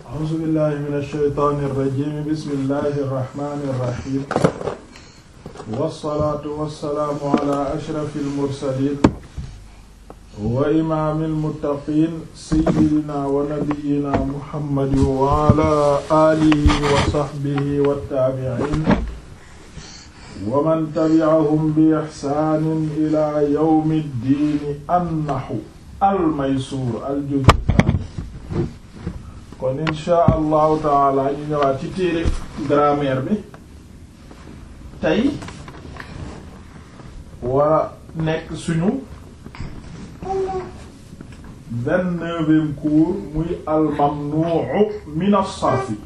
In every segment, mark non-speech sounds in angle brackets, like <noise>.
أعوذ بالله من الشيطان الرجيم بسم الله الرحمن الرحيم والصلاة والسلام على أشرف المرسلين وإمام المتقين سيدنا ونبينا محمد وعلى آله وصحبه والتابعين ومن تبعهم بإحسان إلى يوم الدين النحو الميسور الجزء kon insha allahu taala ñu ñëwaat ci téere grammaire bi tey war nekk suñu vingt-neuvième cours muy al-mamnu'u min as-sarfi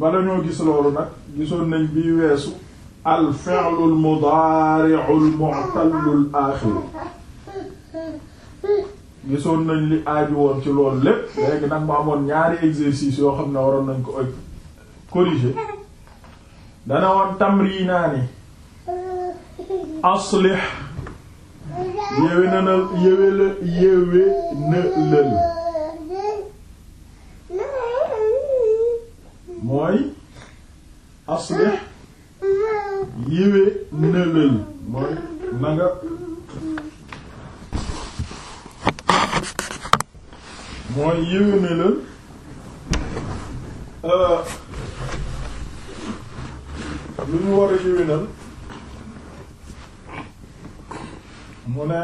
bala ñoo nag gisoon nañ bii weesu al-fi'lu al-mudaari'u al-mu'tallu al-aaxir gisoon na li aaju woon ci lool lépp léegi nag mu amoon ñaari exercice yoo xam ne waroon nañ ko euh, corriger dana woon tamriinaani aslih yéwe na na yéwe la yéwe na lël mooy aslih yéwe na lël mooy na nga mooy yéwénalal euh, lu ñu war a yéwénal mu ne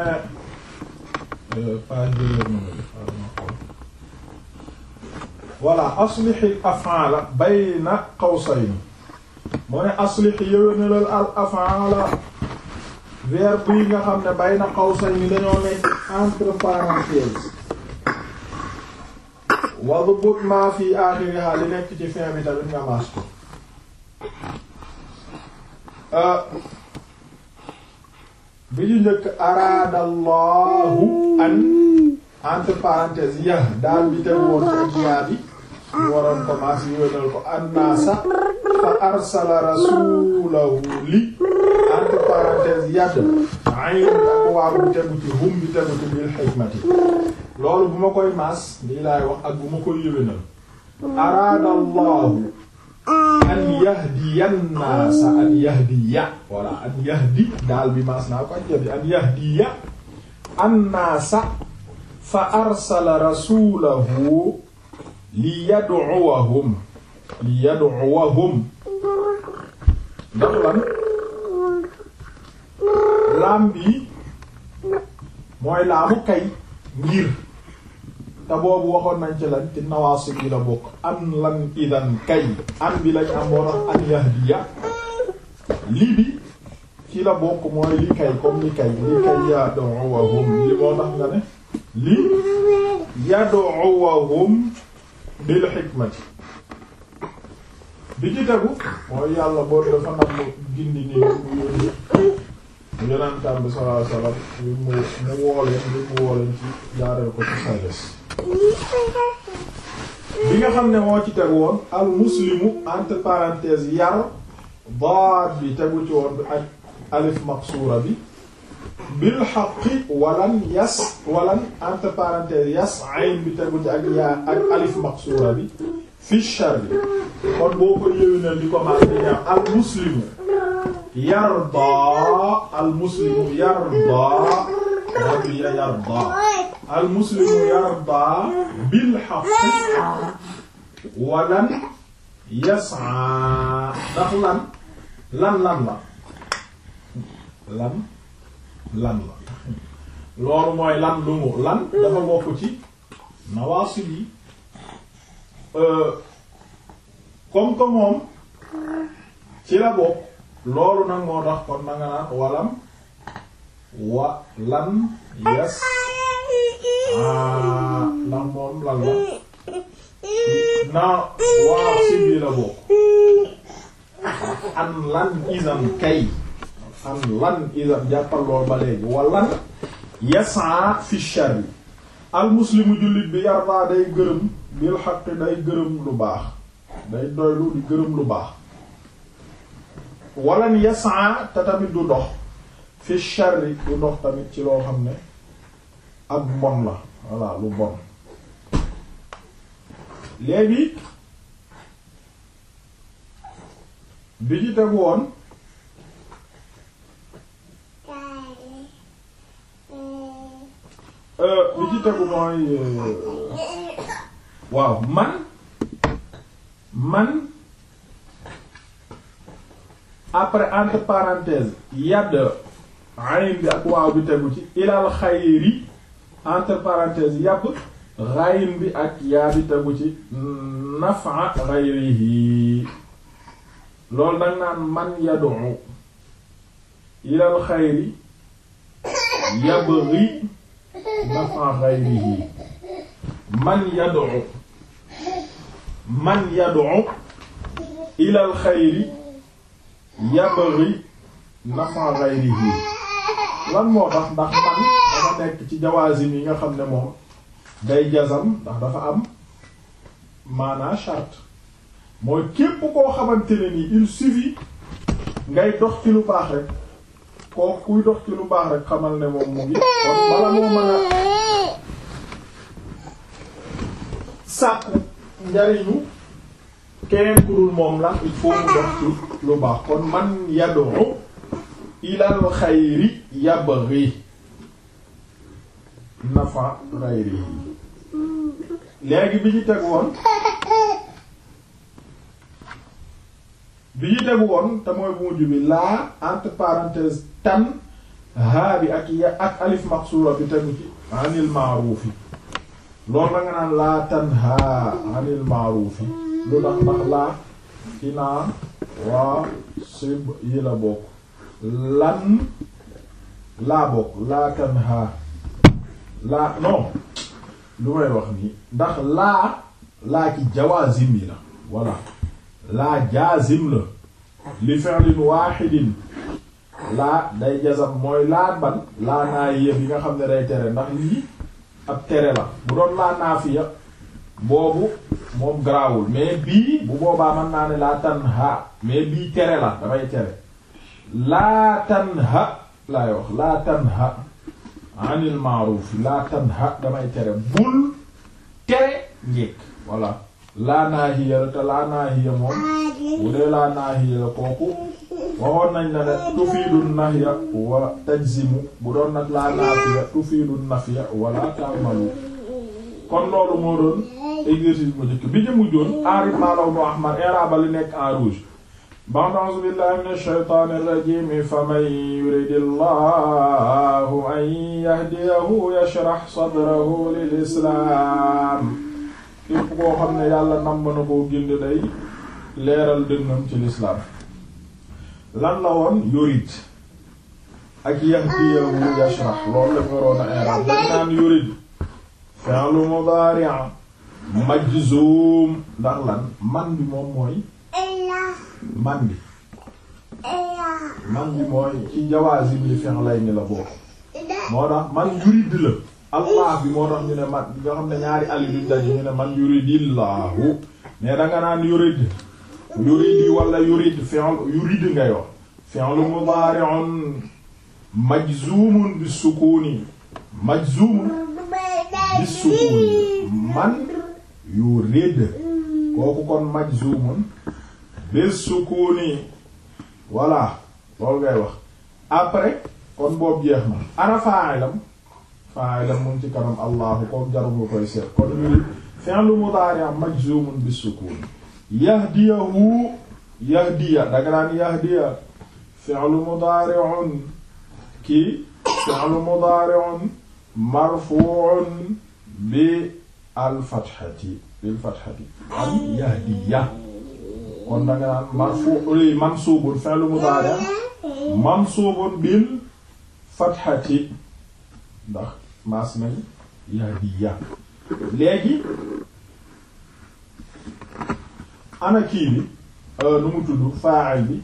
euh, page bi la voilà aslixi afaala bayna qawsayn mu ne aslixi yéwénalal al afaala verbe yi nga xam ne bayna qawsayn dañoo nekk entre parenthèses wadbut maa fi aaxirihaa li nekk ci fin bi tamit nga maas ko euh, bi ñu njëkk araadallahu an entre parenthèses yah daal bi tegu woon ci yaa bi ñu waroon ko maas yéenal ko annaasa fa arsala rasuulahu li entre parenthèses yadd ayn ak waaw bi tegu ci hum bi tegu ci bil hikmati loolu bu ma koy maas lii laay wax ak bu ma koy yëwénal araada allahu an yahdiyan naasa an yahdiya wala an yahdi daal bi maas naa ko ak yahdi an yahdiya an naasa fa arsala rasulahu li yad'uwahum li yad'uwahum ndax lan laam bi mooy laamu kay ngir te boobu waxoon nañ ci lan ci nawaasib yi la bokk an lan idan kay an bi lañ am boo tax an yahdiya lii bi ci la bokk mooy li kay comme li kay li kay yad'uwahum li moo tax nga ne lii yad'uwahum bil hikmati bi ci tegu mooy yàlla boo dafa nam gindi ni mu yónni yonentam bi sallallahu alayhi wasallam li bi nga xam ne moo ci teg woon al muslimu entre yar bi tegu ci woon ak alif maqsuura bi bil haqqi walan yas walan yas ayn bi tegu ci ak yaa ak alif maqsuura bi fi sharri kon boo ko yëwinal di commencer al muslimu yarda al muslimu yarda rabbiya yarda al muslimu yarda bil haqq walan yas'a ndax lan lan lan la lan lan la loolu mooy lan lu mu lan dafa bokk ci nawaasil yi euh, comme que moom ci la bokk loolu nag moo tax kon na nga naan walam wa lan yes ah, ndax moom lan la naa waaw si bii la bokk an lan isan kay an lan isan jàppal lool ba léegi wa lan yasaa fi sharri al jullit bi yardaa day gërëm bil xaq day gërëm lu baax day doylu di gërëm lu baax walan yas'a te tamit du dox fi sharri du dox tamit ci loo xam ne ak mbon la voilà lu bon léegi bi ci tegu woon euh, bi ci tegu mooy euh, waaw man man après entre parenthèse yadd ayn bi ak waaw bi tegu ci ilal xayri entre parenthèse yàbb rayin bi ak yaa tegu ci nafa xayrihi loolu nag naan man yadu ilal xayri yabghi nafa xayrihi man yadu man yadu ilal xayri yabari nafa ghayrihi lan moo tax ndax man dafa nekk ci jawaazim yi nga xam ne moom day jazam ndax dafa am maanaa charte mooy képp koo xamante ne ni il suffit ngay dox ci lu baax rek kooku kuy dox ci lu baax rek xamal ne moom mu ngi kon bala moo mën sàkku njariñu keneen ku dul moom la il faut mu dox ci lu baax kon man yadu ilal xayri yabghi nafa xayri léegi bi ñu teg woon bi ñu teg woon te mooy mujj bi laa entre parenthèse tan haa ak alif maxsuura bi tegu ci maaruufi loolu la naan laa tan haa anil maaruufi lu tax ndax laa ci naa waa sib yi la bokk lan laa bokk laa tanha laa non lu may wax nii ndax laa laa ci jawaazim yi la voilà laa jaazim la li fi'lin wahidin laa day jazam mooy laa ban laa naa yëf yi nga xam ne day tere ndax lii ab tere la bu doon laa naafiya boobu moom garaawul mais bii bu boobaa mën naa ne laa tanha mais bii tere la damay tere laa tanha laay wax laa tanha anil ma'ruf laa tanha damay tere bul tere njekk voilà laa naahiya te laa naahiya moom bu dee laa naahiya kooku waxoon nañ la ne tufiidun nahya wa tajzimu bu doon nag laa naahiya tufiidun nafya wala ta'malu kon loolu moo doon exercice bu njëkk bi ñu mujjoon aarif maalaw mu ahmar i'raab nekk en rouge ba'd a'uuzu billahi minash shaytaanir rajiim faman yuridillahu an yahdiyahu yashrah sadrahu lil islaam képp koo xam ne yàlla namm na koo gindi leeral dënnam ci lislaam lan la woon yurid ak yahdiyahu yashrah loolu la waroon a i'raab dañ naan yurid fi'lu mudari' majzum ndax lan man bi moom mooy man bi man bi mooy ci jawaazim li fi'layni la bokk moo tax man yurid la allah bi moo tax ñu ne man nga xam ne ñaari ali duñ ñu ne man yuridillahu mais danga naan yurid yuridi wala yurid fi'l yurid ngay wax fi'lu mudari'un majzumun bi sukuni majzumun bi sukuun man yu ridd kooku kon majzumun bi sukuuni voilà loolu wax après kon boobu jeex na ana fa'ilam fa'ilam mu ci kanam allahu koom jarul nga koy seet kon ñu fi'lu mudari' majzumun bi sukuun yahdiyahu yahdiya danga naan yahdiya fi'lu mudari'un kii fi'lu mudari'un marfu'un bi al fatxati bil fatxati al yahdiya kon danga naan marfu li mansuubun fi'lu mudaari mansuubun bil fatxati ndax maas yahdiya léegi ana kii euh, nu mu tudd faa'il bi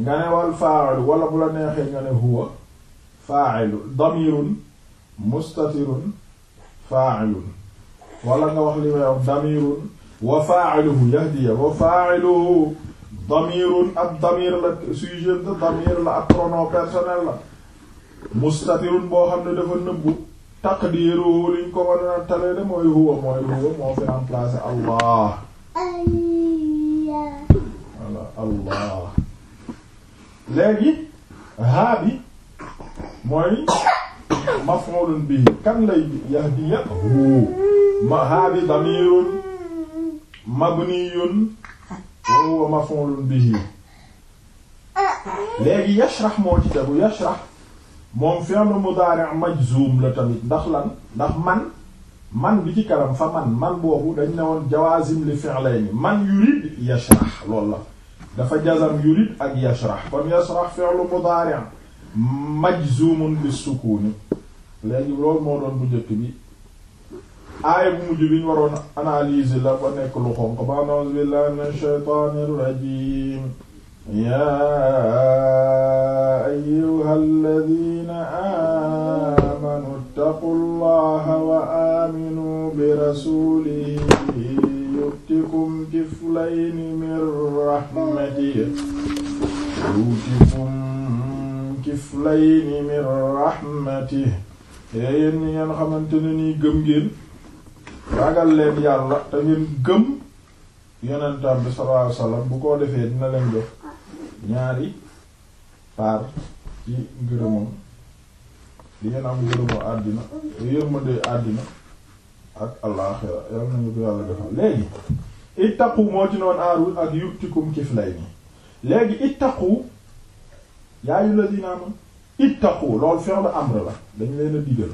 nga ne wal faa'il wala bu la neexee nga ne huwa faa'ilu damirun mustatirun fa'ilun wala nga wax li may damirun wa fa'iluhu yahdiya wa fa'iluhu damirun ab damir la sujet de damir la ak pronom personnel la mustatirun boo xam ne dafa nëbbu taqdiruhu liñ ko a mooy huwa mooy fi remplacer allah allah léegi haa mooy maf'ulun bihi kan lay yahdiyahu ma hadi damirun mabniyun wa huwa maf'ulun bihi léegi yashrah moo ci tegu yashrah moom fi'l mudari' majzum la tamit ndax lan ndax man man bi ci kanam fa man man boobu dañ ne woon jawazim li fi'layni man yurid yashrah loolu la dafa jazam yurid ak yashrah kon yashrah fi'l mudari' majzumun bi sukuni léegi loolu moo doon bu njëkk bi aaya bu mujj bi ñu waroon analyser la ba nekk lu xonq ba a'uuzu billahi minash shaytaanir rajiim yaa ayyuhal ladiina aamanu ittaqullaha wa aaminu bi rasuulihi yu'tikum kiflayni min rahmatihi yu'tikum kiflayni min rahmatih eh, yéen ñi ngeen xamante ne nii gëm ngeen ragal leen yàlla te ngeen gëm yonentam bi sallallahu bu ko defee dina leen jox ñaari par ci ngërëmam di ngeen am ngërëmu àddina yërmande àddina ak alaaxira yal nañu ko yàlla defal léegi ittaqu moo ci noon aarul ak yuktikum kiflayni léegi ittaqu yaa ayyuha alladhina amanu ittaqu loolu fi'l amr la dañ leen a digal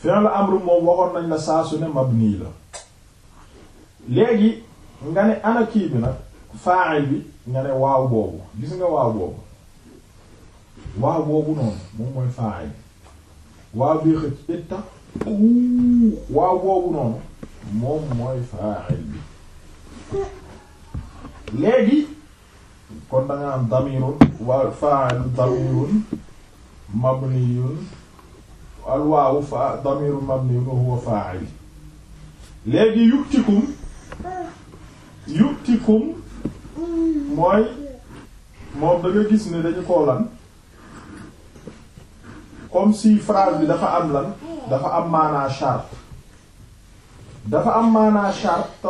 fi'l amr moom waxoon nañ la saa su ne mabni la léegi nga ne ana bi nag fa'il bi nga ne waaw boobu gis nga waaw boobu waaw boobu noonu moom mooy fa'il waaw bii xëcc ittaqu waaw boobu noonu moom mooy fa'il bi léegi kon da nga am damirun wa fa'ilu damirun mabniyun al waawu fa damirun mabniyun wa huwa fa'il léegi yuktikum yuktikum mooy moom da nga gis ne dañu koo lan comme dafa am lan dafa am maanaa charte dafa am maanaa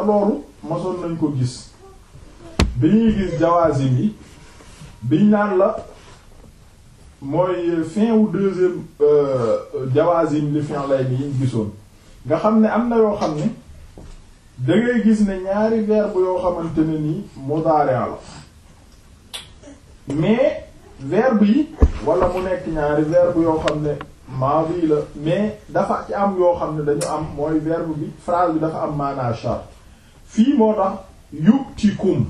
loolu masoon nañ ko gis bi ñuy gis Jawaazin yi biñ naan la mooy fin ou deuxième euh, Jawaazin li fin lay ni gisoon nga xam ne am na yoo xam ne da gis ne ñaari verbe yoo xamante nii mudaari la mais verbe yi wala mu nekk ñaari verbe yoo xam ne maadi la mais dafa ci am yoo xam ne dañu am mooy verbe bi phrase bi dafa am maanaa char fii moo tax yutikum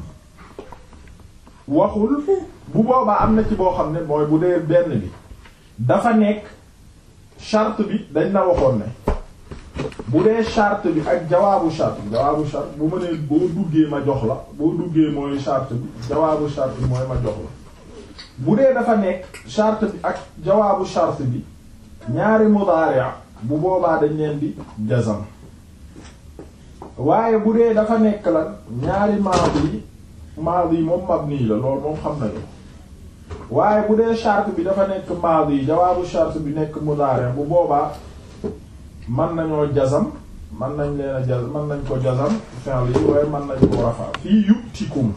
waxul bu boobaa am na ci boo xam ne mooy bu dee benn bi dafa nekk charte bi dañ la waxoon ne bu dee charte bi ak jawaabu charte bi jawaabu charte bu ma nee boo duggee ma jox la boo duggee mooy charte bi jawaabu charte bi mooy ma jox la bu dee dafa nekk charte bi ak jawaabu charte bi ñaari mudaari'a bu boobaa dañ leen di jazam waaye bu dee dafa nekk la ñaari maadi maadi yi moom mabni la loolu moom xam nañu waaye bu dee charte bi dafa nekk maadi yi jawaabu charte bi nekk mudaare bu boobaa mën nañoo jazam mën nañ leen a jazam mën nañ ko jazam fi'l yi waaye mën nañ ko rafa fii yutikum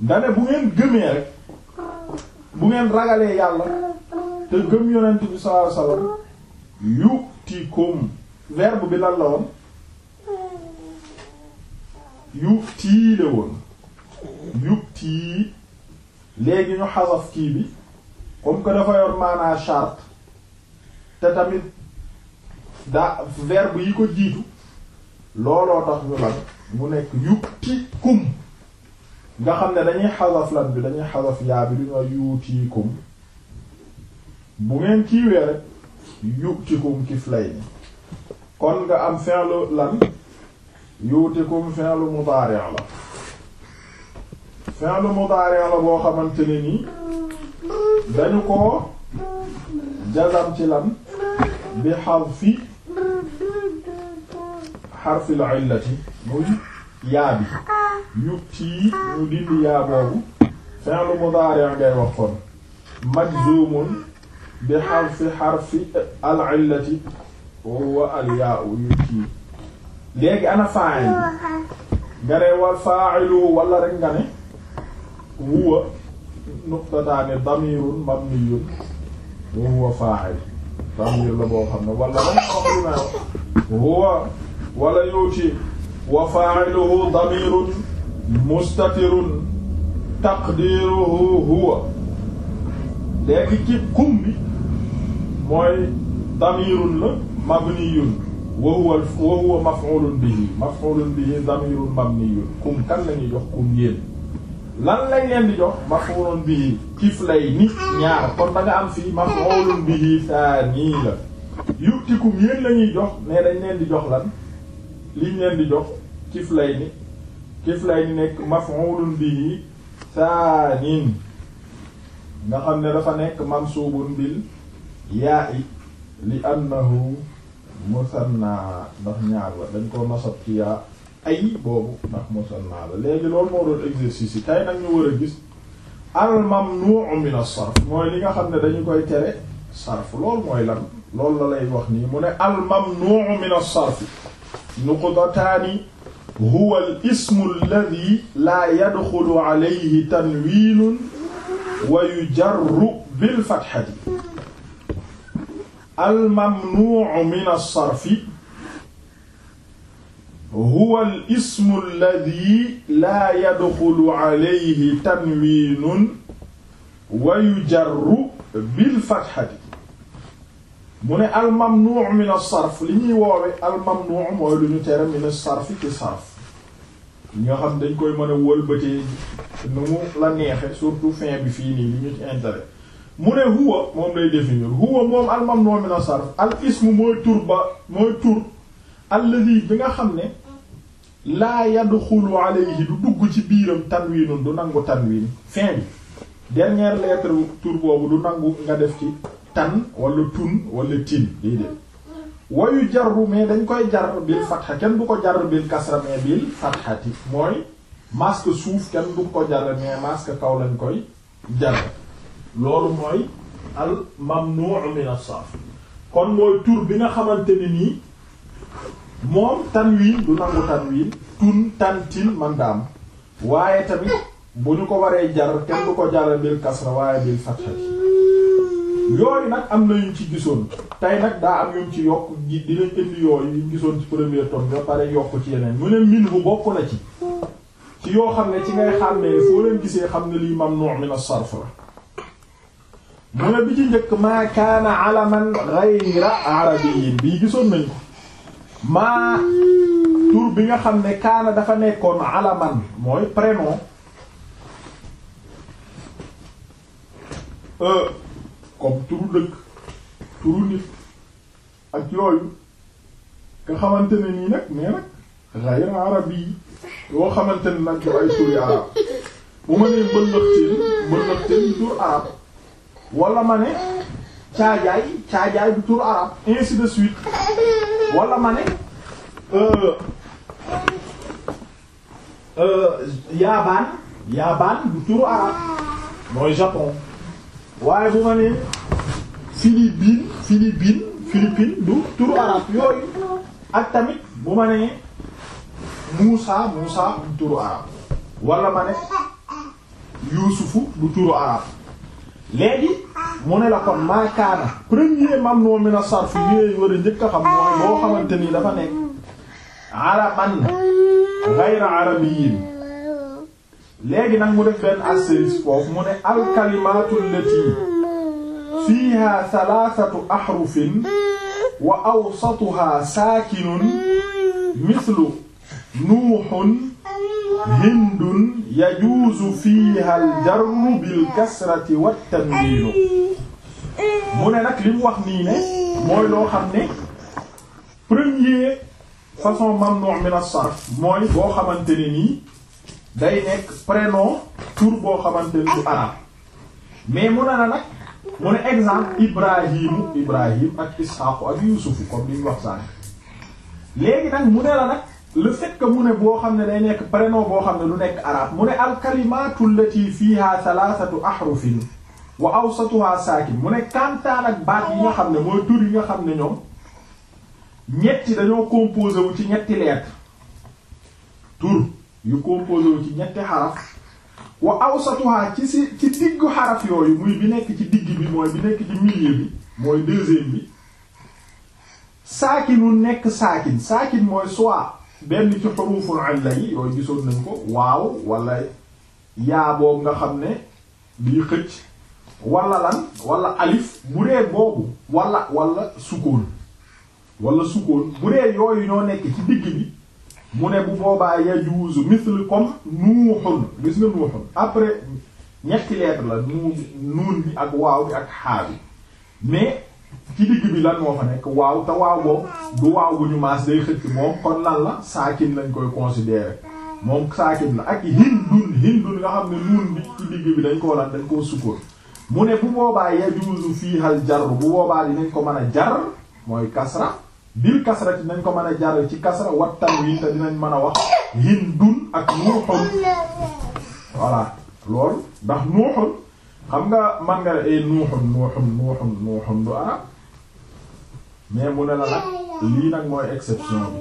dane bu ngeen gëmee rek bu ngeen ragalee yàlla te gëm yonent bi sallallahu alayhi wasallam yutikum verbe bi lan la woon yu la woon yuktii léegi ñu xasaf kii bi comme que dafa yor maanaa charte te tamit daa yi ko jiitu looloo tax ñu mu nekk yuktikum nga xam ne dañuy xasaf lan bi dañuy xasaf yaa bi duñu yuutiikum bu ngeen kiiwee rek yuktikum kiflay ni kon nga am fi'lu lan yuutikum fi'lu mudaari' la fi'lu boo xamante ne nii dañu ko jazam ci lan bi hadfi harfil illati muy yaa bi yutti dindi yaa boobu fi'lu mudaari' ngay wax kon majzumun bi hadfi harfi al illati wa al léegi ana fa'il nga ne wa fa'ilu wala rek nga ne mabniyun huwa fa'il damir la boo xam ne wala rek xamlu huwa wala yuuti wa fa'iluhu damirun mustatirun taqdiruhu huwa léegi ci kum mooy damirun mabniyun wa huwa wa huwa maf'ulun bihi maf'ulun bihi damirun mabniyun kum kan lañuy jox kum yéen lan lañ leen di jox maf'ulun bihi kiflay ni ñaar kon da nga am fii maf'ulun bihi thani la yutikum yéen lañuy jox ne dañ leen di jox lan liñ leen di jox kiflay ni kiflay ni nekk maf'ulun bihi thani nga xam ne dafa nekk mansubun bil ya'i li annahu musanna ndax ñaar la dañ ko nasab ci yaa ay boobu ndax musanna la léegi loolu moo doon exercice yi tey nag ñu war a gis al mamnu'u min as-sarf mooy li nga xam ne dañu koy tere sarf loolu mooy lan loolu la lay wax nii mu ne al mamnu'u min as-sarf nuqdataani huwa al ismu alladhi la yadxulu alayhi tanwiinun wa yujarru bil fathati al mamnuu min as-sarfi huwa al ismu alladhi laa yadxulu alayhi tanwiinun wa yujarru bil fatxati mu ne al min as-sarf li ñuy woowe al mooy lu ñu tere min as-sarfi ci sarf ñi xam dañ koy mën a wëlbatee nu la neexe surtout fin bi fii nii li ñu ci mu ne huwa moom lay définir huwa moom al mamnu min as-sarf al ismu mooy tur ba mooy tur alladhi bi nga xam ne laa yadxulu alayhi du dugg ci biiram tanwiinun du nangu tanwiin fin bi dernière lettre tur boobu du nangu nga def ci tan wala tun wala tin lii de wayu jarru mais dañ koy jar bil fatha kenn du ko jar bil kasra mais bil fathati mooy masque suuf kenn du ko jar mais masque kaw lañ koy jar loolu mooy al mamnu' min as-sarf kon mooy tur bi nga xamante ni nii moom tanwiin du nangu tanwiin tun tan man daam waaye tamit bu ñu ko waree jar kenn du ko jaral bil kasra waaye bil fathati yooyu nag am na yuñ ci gisoon tey nag daa am yuñ ci yokk gi dinañ indi yooyu yuñ gisoon ci premier tome ba pare yokk ci yeneen mu ne min bu bokk na ci ci yoo xam ne ci ngay xam ne leen gisee xam ne lii mamnu' min na sarf la mu ne bi ci njëkk maa kaana alaman ghayra arabiyyin bii gisoon nañ ko maa tur bi nga xam ne kaana dafa nekkoon alaman mooy prénom e, comme turu dëkk turu nit ak yooyu nga xamante ne nii nag nee nag ghayra arabiyyi yoo xamante ne nag du ay turi arab bu ma nee mbëllëxtin mbëllëxtin tur arab wala mane ne caajaay caajaay du tur arab ainsi de suite wala ma ne euh, euh, yaabaan yaabaan du arab mooy japon waaye bu ma ne philippine philippine philippine du tur arab yooyu ak tamit bu ma ne Moussa Moussa turu arab wala ma ne Yuusufu turu arab léegi mu ne la kon maakaana premier mam noo min a sarf yooyu war a njëkk a xam mooy xamante ni dafa nekk araban ghayra arabiyyin léegi nag mu def benn astérisque foofu mu ne fiiha thalathatu ahrufin wa awsatuha saakinun mislu nuuhun hindun yajuuzu fiiha aljarru bil kasrati wat tanwiin mu ne nag li mu wax nii ne mooy loo xam ne premier façon mamnu' min as-sarf mooy boo xamante ne nii day nekk prénom tur boo xamante ne du mais mu ne na nag mu ne exemple ibrahimu ibrahim ak ishaqu ak yusufu comme li ñu wax sànq léegi nag mu ne la nag le fait mu ne boo xam ne day nekk prénom boo xam ne lu nekk arabe mu ne al kalimatu allati fiha thalathatu ahrufin wa awsatuha saakin mu ne kantaan ak baat yi nga xam ne mooy tur yi nga xam ne ñoom ñetti dañoo composé wu ci ñetti lettre tur yu composé wu ci ñetti xaraf wa awsatuha ci si ci diggu xaraf yooyu muy bi nekk ci digg bi mooy bi nekk ci milieu bi mooy deuxième bi saakin wu nekk saakin saakin mooy soit benn ci xuruful illa yi yooyu gisoon nañ ko waaw wala yaa nga xam ne bii xëcc wala lan wala alif bu dee boobu wala wala sukkoon wala sukkoon bu dee yooyu ñoo nekk ci digg bi mu ne bu boobaa yajuuzu misl comme nuuxun gis nga nuuxun après ñetti lettre la nuun nuun ak waaw bi ak xaa mais ci digg bi lan moo fa nekk waaw te waaw boobu du waaw bu ñu maas day xëcc moom kon lan la saakin lañ koy considérer moom saakin la ak hindun hindun nga xam ne nuun bi ci digg bi dañ koo lan dañ koo sukkoon mu ne bu boobaa yajuuzu fiihal jar bu boobaa nañ ko mën a jar mooy kasra biir kasra ci nañ ko mën a jar ci kasra wat wi te nañ mën a wax hindun ak nuuxun voilà loolu ndax nuuxun xam nga man nga ay eh, nuuxum nuuxum nuuxum nuuxum du arab mais mu ne la nag lii nag mooy exception bi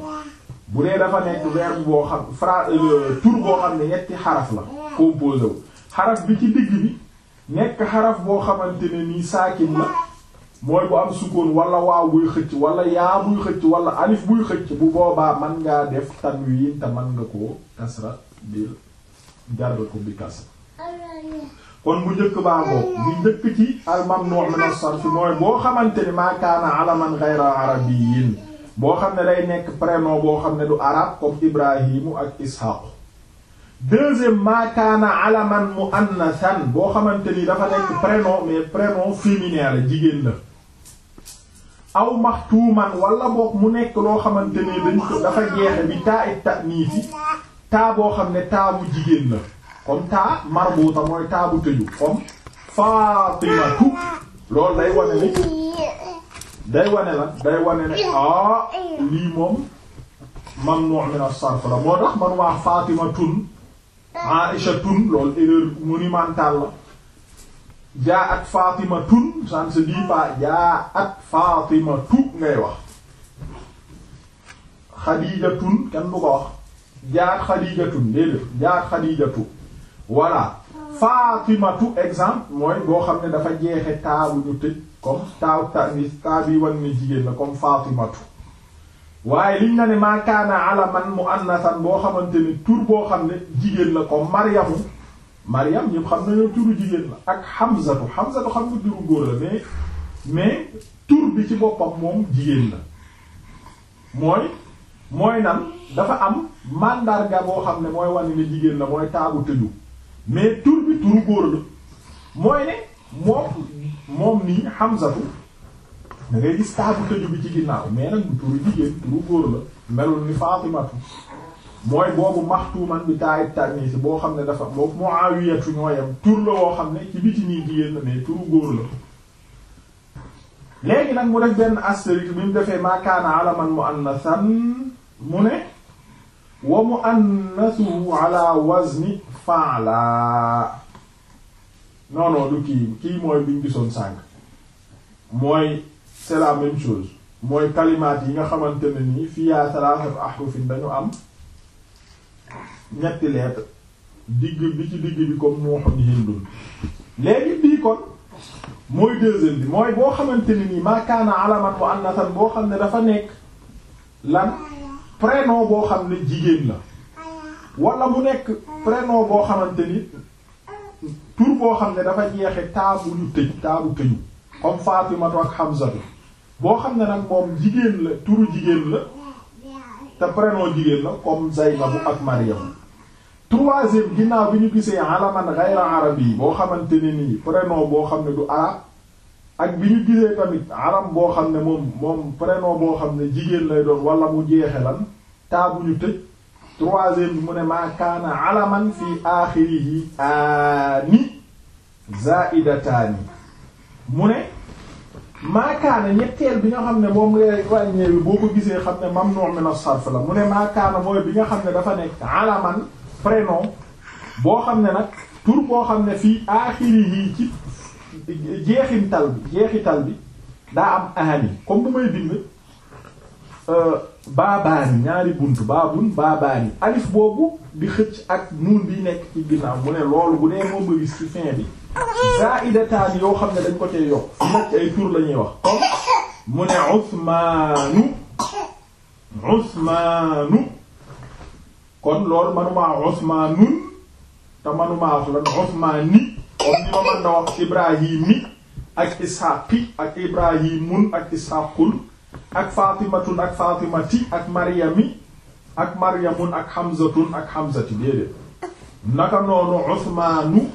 bu dee dafa nekk verbe boo xam phrase euh, tur boo xam ne ñetti xaraf la composé wu bi ci bi nekk xaraf boo xamante ne nii saakin la mooy bu wala waaw buy xëcc wala yaa buy xëcc wala alif buy xëcc bu boobaa man ngaa def tanwiin te man nga koo kasra bi jar ko bi kasra kon bu njëkk baa boobu bu ci al-mamnu' min as-sarf mooy boo xamante ni maa kaana alaman ghayra arabiyyin boo xam ne day nekk prénom boo xam ne du arabe comme Ibrahimu ak Ishaq deuxième maa kaana alaman mu'annathan boo xamante ni dafa nekk prénom mais prénom féminin jigéen la aw maxtuuman wala boog mu nekk loo xamante ni dañ ko dafa jeexe bi taa it ta'niisi taa boo xam ne taa bu jigéen la comme taa marbuuta mooy taa bu tëju comme faatimatu loolu day wane ne day wane la day wane ne ah lii moom mamnu' min as-sarf la moo tax man waa faatimatun aishatun loolu erreur monumentale la jaa at faatimatun ça ne se dit pas jaa at faatimatu ngay wax xadiijatun kenn du ko wax jaa at xadiijatun déedéet jaa at xadiijatu voilà faatimatu exemple mooy boo xam ne dafa jeexe taabu ñu tëj comme taaw taa bi wan ni jigéen la comme faatimatu waaye liñ na ne maakaana alaman mu annasan boo xamante ni tur boo xam ne jigéen la comme maryamu maryam ñëpp xam nañoo turu jigéen la ak xamsatu xamsatu xam nga turu góor la mais mais tur bi ci boppam moom jigéen la mooy mooy nan dafa am mandarga boo xam ne mooy wane ne jigéen la mooy taabu tëju mais tur bi turu góor la mooy ne moom moom nii Hamzatu da ngay gis taabu tëju bi ci ginnaaw mais nag du turu jigéen turu góor la melul ni Faatimatu mooy boobu maxtuuman bi taayit tànnii si boo xam ne dafa boobu Muawiyatu ñooyam tur la woo xam ne ci biti nii jigéen la mais turu góor la léegi nag mu def benn astérisque bi mu defee maakaana alaman muannasan mu ne wa muannasuhu ala wazni fa'ala non non du kii kii mooy biñ gisoon sànk mooy c'est chose mooy kalimaat yi nga xamante ne nii fiyaa thalathat ahrufin dañu am ñetti lettre digg bi ci digg bi comme nuuxun hindun léegi bii kon mooy deuxième bi mooy boo xamante ne nii maa kaana alaman wa annatan boo xam ne dafa nekk lan prénom boo xam ne jigéen la wala mu nekk prénom boo xamante ni tur boo xam ne dafa jeexe taabu ñu tëj taabu tëju comme Faatimatu ak Hamzatu boo xam ne nag moom jigéen la turu jigéen la te prénom jigéen la comme Zaynabu ak Maryam troisième ginnaaw bi ñu gisee alaman ghayra arabi yi boo xamante ni nii prénom boo xam ne du arab ak bi ñu gisee tamit arab boo xam ne moom moom prénom boo xam ne jigéen lay doon wala mu jeexe lan taabu ñu tëj troisième bi mu ne maa kaana alaman fi aaxirihi aani zaidataani ne maa kaana ñetteel bi nga xam ne moom ngay ràññee bi boo ko gisee xam ne mamnu' min as la mu ne maa mooy bi nga xam ne dafa nekk alaman prénom boo xam ne nag tour boo xam ne fii aaxirihi ci jeexintal bi jeexital bi daa am aani comme bu may bind Euh, baabaani ñaari bunt baabun baabaani alif boobu di xëcc ak nuun bi nekk ci ginnaaw mu ne loolu bu dee moo bëgg ci fin bi zaidataani yoo xam ne dañ ko cee yokk nag ci ay tur la wax comme mu ne usmaanu usmaanu kon loolu manumaa usmaanun te ibrahimi ak ishaaqi ak ibrahimun ak ishaaqul ak faatimatun ak faatimati ak maryami ak maryamun ak hamzatun ak hamzati déedéet naka noonu usmaanu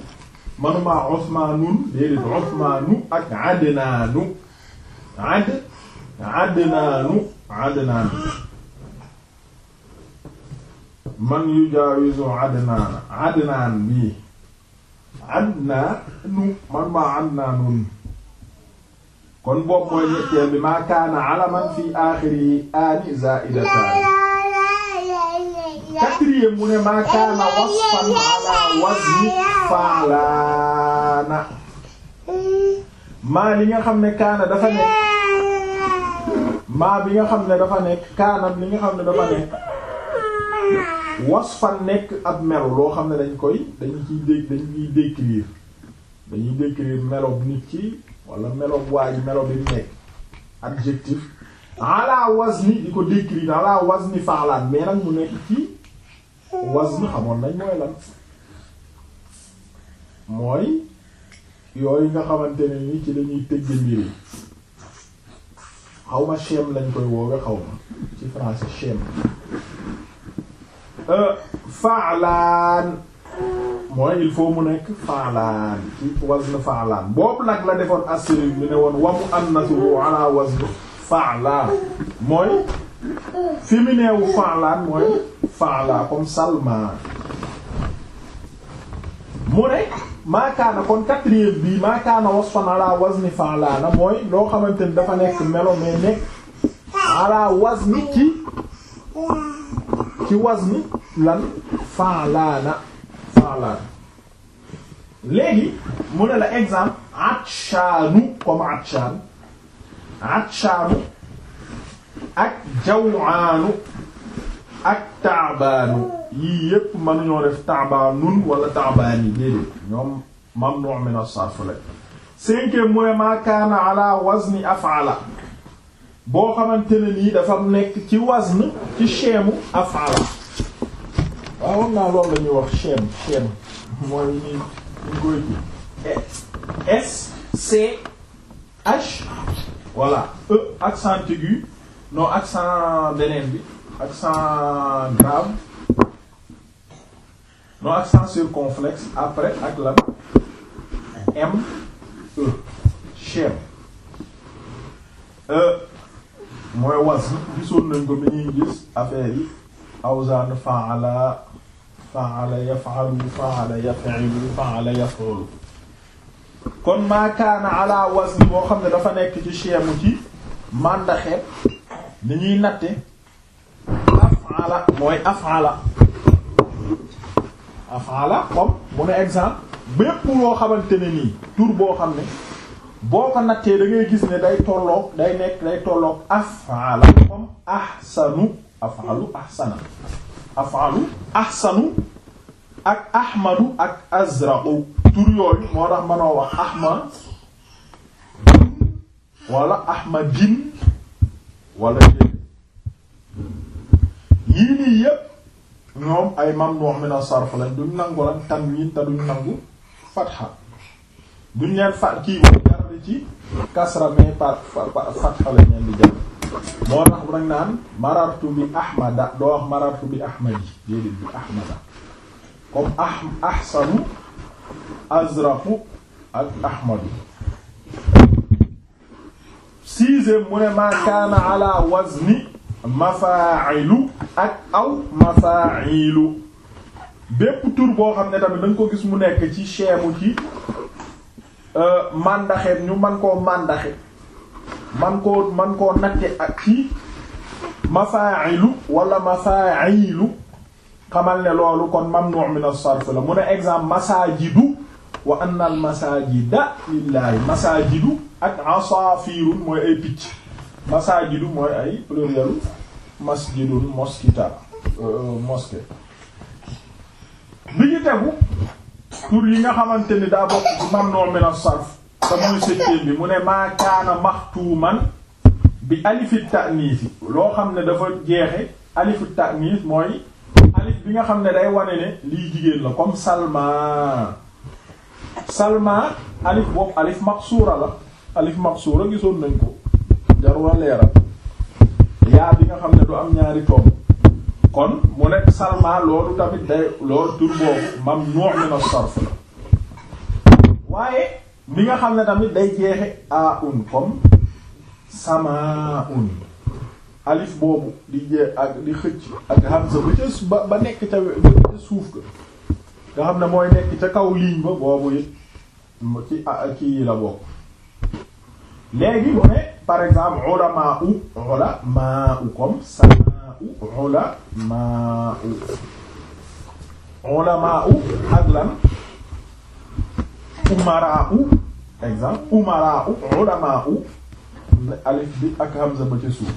manuma usmaanun déedéet usmaanu ak adnaanu ad adnaanu adnaanu man yujaawizu adnaana kon boobu mooy ñetteel bi maa kaana alaman fi aaxiri aani mu ne maa kaana wasfan ala faalaana maa li nga xam ne kaana dafa nekk maa bi nga xam ne dafa nekk kaanam li nga xam ne dafa nekk wasfan nekk ab melo loo xam ne dañ koy dañu ciy dégg dañuy décrire dañuy décrire melo nit ci wala melo waa ji melo bi mu nekk adjectif ala wazni di ko décrire was ni faalaan mais nag mu nekk ci wazni xamoon nañ mooy lan mooy yooyu nga xamante ne ni ci lañuy tëgg mbir yi xawma schème lañ koy woowe xawma ci français schème euh, faalaan mooy il faut mu nekk faalaan ci wazn faalaan boobu nag la defoon assyrie bi ne woon wa muannathu ala wazn faalaan mooy féminin wu mooy faala comme salma mu ne maakaana kon quatrième bi maakaana wasfan ala wazni faalaana mooy loo xamante ni dafa nekk melo mais nekk ala wazni ci ci wazni lan faalaana voilà léegi mu ne la exemple atshaanu comme atshaan atshaanu ak jawaanu ak taabaanu yii yépp mënuñoo def taabaanun wala taabaani déedéet ñoom mamnu' min as-sarf la cinquième mu ne maa kaana ala wazni af'ala boo xamante ne lii dafa nekk ci wazn ci sheemu af'ala waaw ah, wax naa loolu la wax chaîne chaîne mooy ni ñu koy S C H voilà E accent aigu non accent beneen bi accent grave non accent circonflexe après ak la M E chaîne e mooy was gisoon nañ ko bi ñuy gis affaire yi awzan fa'ala faala yafalu faala yafilu faala yafulu kon maakaana ala wasni boo xam ne dafa nekk ci cheemu ci màndaxeet ni ñuy natte afala mooy afala afala comme mu ne exemple bépp loo xamante ni tur boo xam ne boo ko nattee da ngay gis ne day tolloog day nekk day tolloog afala comme ahsanu afalu ahsana afalu ahsanu ak ahmadu ak azraqu tur yooyu moo tax mënoo wax ahmad wala ahmadin wala dén yii nii yépp ñoom ay mamnu min as-sarf lañ duñ nangu lan tanwin te duñ nangu fatha duñ leen fat kii bo jarri ci kasra mais par fatha lañ leen di jar moo tax bu nag naan marartu bi ahmada doo wax marartu bi ahmadi déedéet bi ahmada comme ah ahsanu azrafu ak ahmadu sixième mu ne ma kaana ala wazni mafaa'ilu ak aw mafaa'ilu bépp tur boo xam ne tamit da ko gis mu nekk ci cheemu ci euh, mandaxeem ñu man koo mandaxe man ko man koo natte ak ci mafaa'ilu wala mafaa'ilu xamal ne loolu kon mamnu' min as-sarf la mu ne exemple masajidu wa anna al-masajida lillahi masajidu ak asafirun mooy ay picc masajidu mooy ay pluriel masjidun moskita euh, mosquée bi ñu yi nga xamante ni daa bokk ci mamnu' min as-sarf sa muy septième bi mu ne maa kaana maxtuuman bi alifit ta'niis yi loo xam ne dafa jeexe alifit ta'niis mooy alif bi nga xam ne day wane ne lii jigéen la comme salma salma alif boobu alif maxsuura la alif maxsuura gisoon nañ ko jarul yaa bi nga xam ne du am ñaari tomb kon mu nekk salma loolu tamit day loolu tur boobu mamnu' min as-sarf la waaye mi nga xam ne tamit day jeexe a un comme sama un alif boobu di jeex ak di xëcc ak hamza ba ca ba ba nekk ca suuf ga nga xam ne mooy nekk ca kaw ligne ba boobu ci kii yi la bokk léegi mu par exemple ulama u ula ma u comme sama u ula ma u ulama u ak lan umaraa u exemple umaraa u alif bi ak hamza ba ci suuf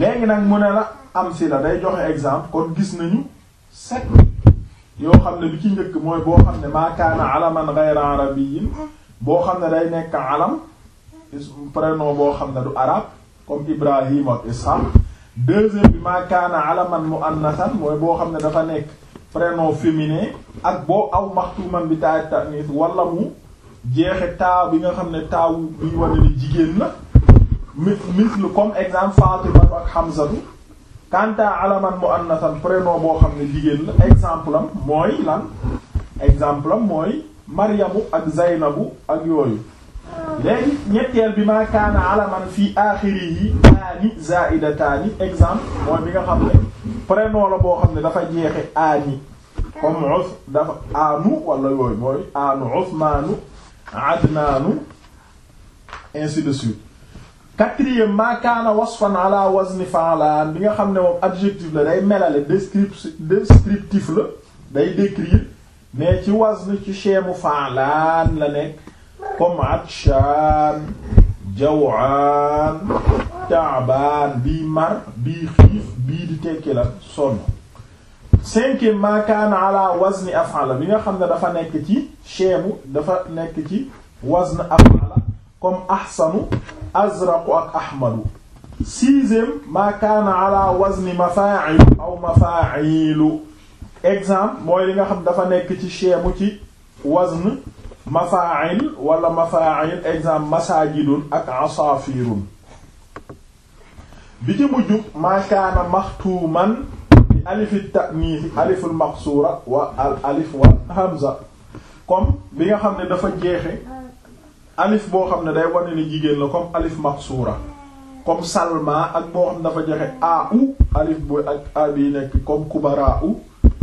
léegi nag mu ne la am si la day joxe exemple kon gis nañu set yoo xam ne bi ci njëkk mooy boo xam ne maa alaman ghayra arabiyyin boo xam ne day nekk alam prénom boo xam ne du arab comme Ibrahim ak Ishaq deuxième bi maa alaman mu'annathan mooy boo xam ne dafa nekk prénom féminin ak boo aw maxtuman bi taay tanis wala mu jeexe taa bi nga xam ne taawu bi ñu wane ni jigéen la mi mislu comme exemple Fatima ak Hamzatu kanta alaman muannasan prénom boo xam ne jigéen la exemple am mooy lan exemple am mooy Maryamu ak Zaynabu ak yooyu léegi ñetteel bi ma kaana alaman fi aaxiri yi taani zaidataani exemple mooy bi nga xam ne prénom la boo xam ne dafa jeexe aani comme us dafa aanu wala yooyu mooy aanu usmaanu adnaanu ainsi de suite quatrième ma kaana wasfan ala wazni bi nga xam ne moom adjectif la day melale descriptif descriptif la day décrire mais ci wazn ci cheemu fa'lan la nekk comme atshan jawaan taabaan bii mar bii xiif bii di tekki la sonn cinquième ma kaana ala wazni af'ala bi nga xam ne dafa nekk ci cheemu dafa nekk ci wazn af'ala comme ahsanu azraqu ak ahmadu sixième ma kaana ala wazni mafaa'ilu aw mafaa'ilu exemple mooy li nga xam dafa nekk ci cheemu ci wazn mafaa'il wala mafaa'il exemple masajidun ak asaafirun bi ci mujj ma kaana maxtuuman bi alifi ta'niisi aliful maqsuura wa al alif wa hamza comme bi nga xam ne dafa jeexe alif boo xam ne day wane ni jigéen la comme alif maqsuura comme salma ak boo xam ne dafa jeexe a u alif bu ak a bi nekk comme kubaraa u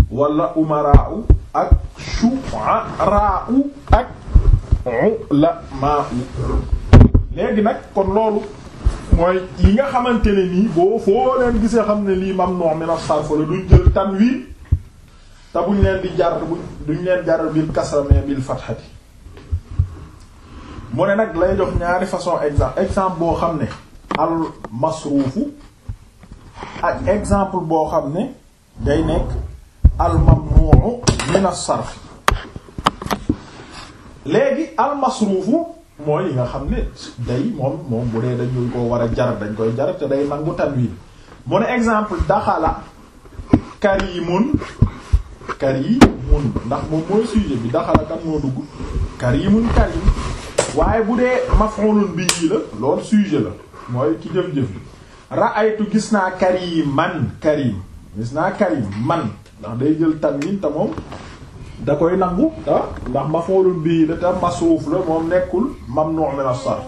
wala umaraaw ak shu'araaw ak ulamaaw léegi nag kon loolu mooy yi nga xamante ne nii boo foo leen gisee xam ne lii mam min as-sarf la duñ jël tanwiin te buñ leen di jar duñ leen jaral bil kasra mais bil fathati mu ne nag lay jox ñaari façon exemple exemple boo xam ne al masruufu ak exemple boo xam ne day nekk al mamnu'u min sarf léegi al masruufu mooy li nga xam ne day moom moom bu dee dañu ko war a jar dañ koy jar te day nangu tanwin mu ne exemple daxala karimun karimun ndax moom mooy sujet bi daxala kan moo dugg karimun karim waaye bu dee maf'ulun bihi la loolu sujet la mooy ki jëf-jëf ra'aytu gis naa kariman karim gis naa karim man ndax day jël tanwin te moom da koy nangu ta ah, ndax mafoolul bii la te masuuf la moom nekkul mam min as-sarf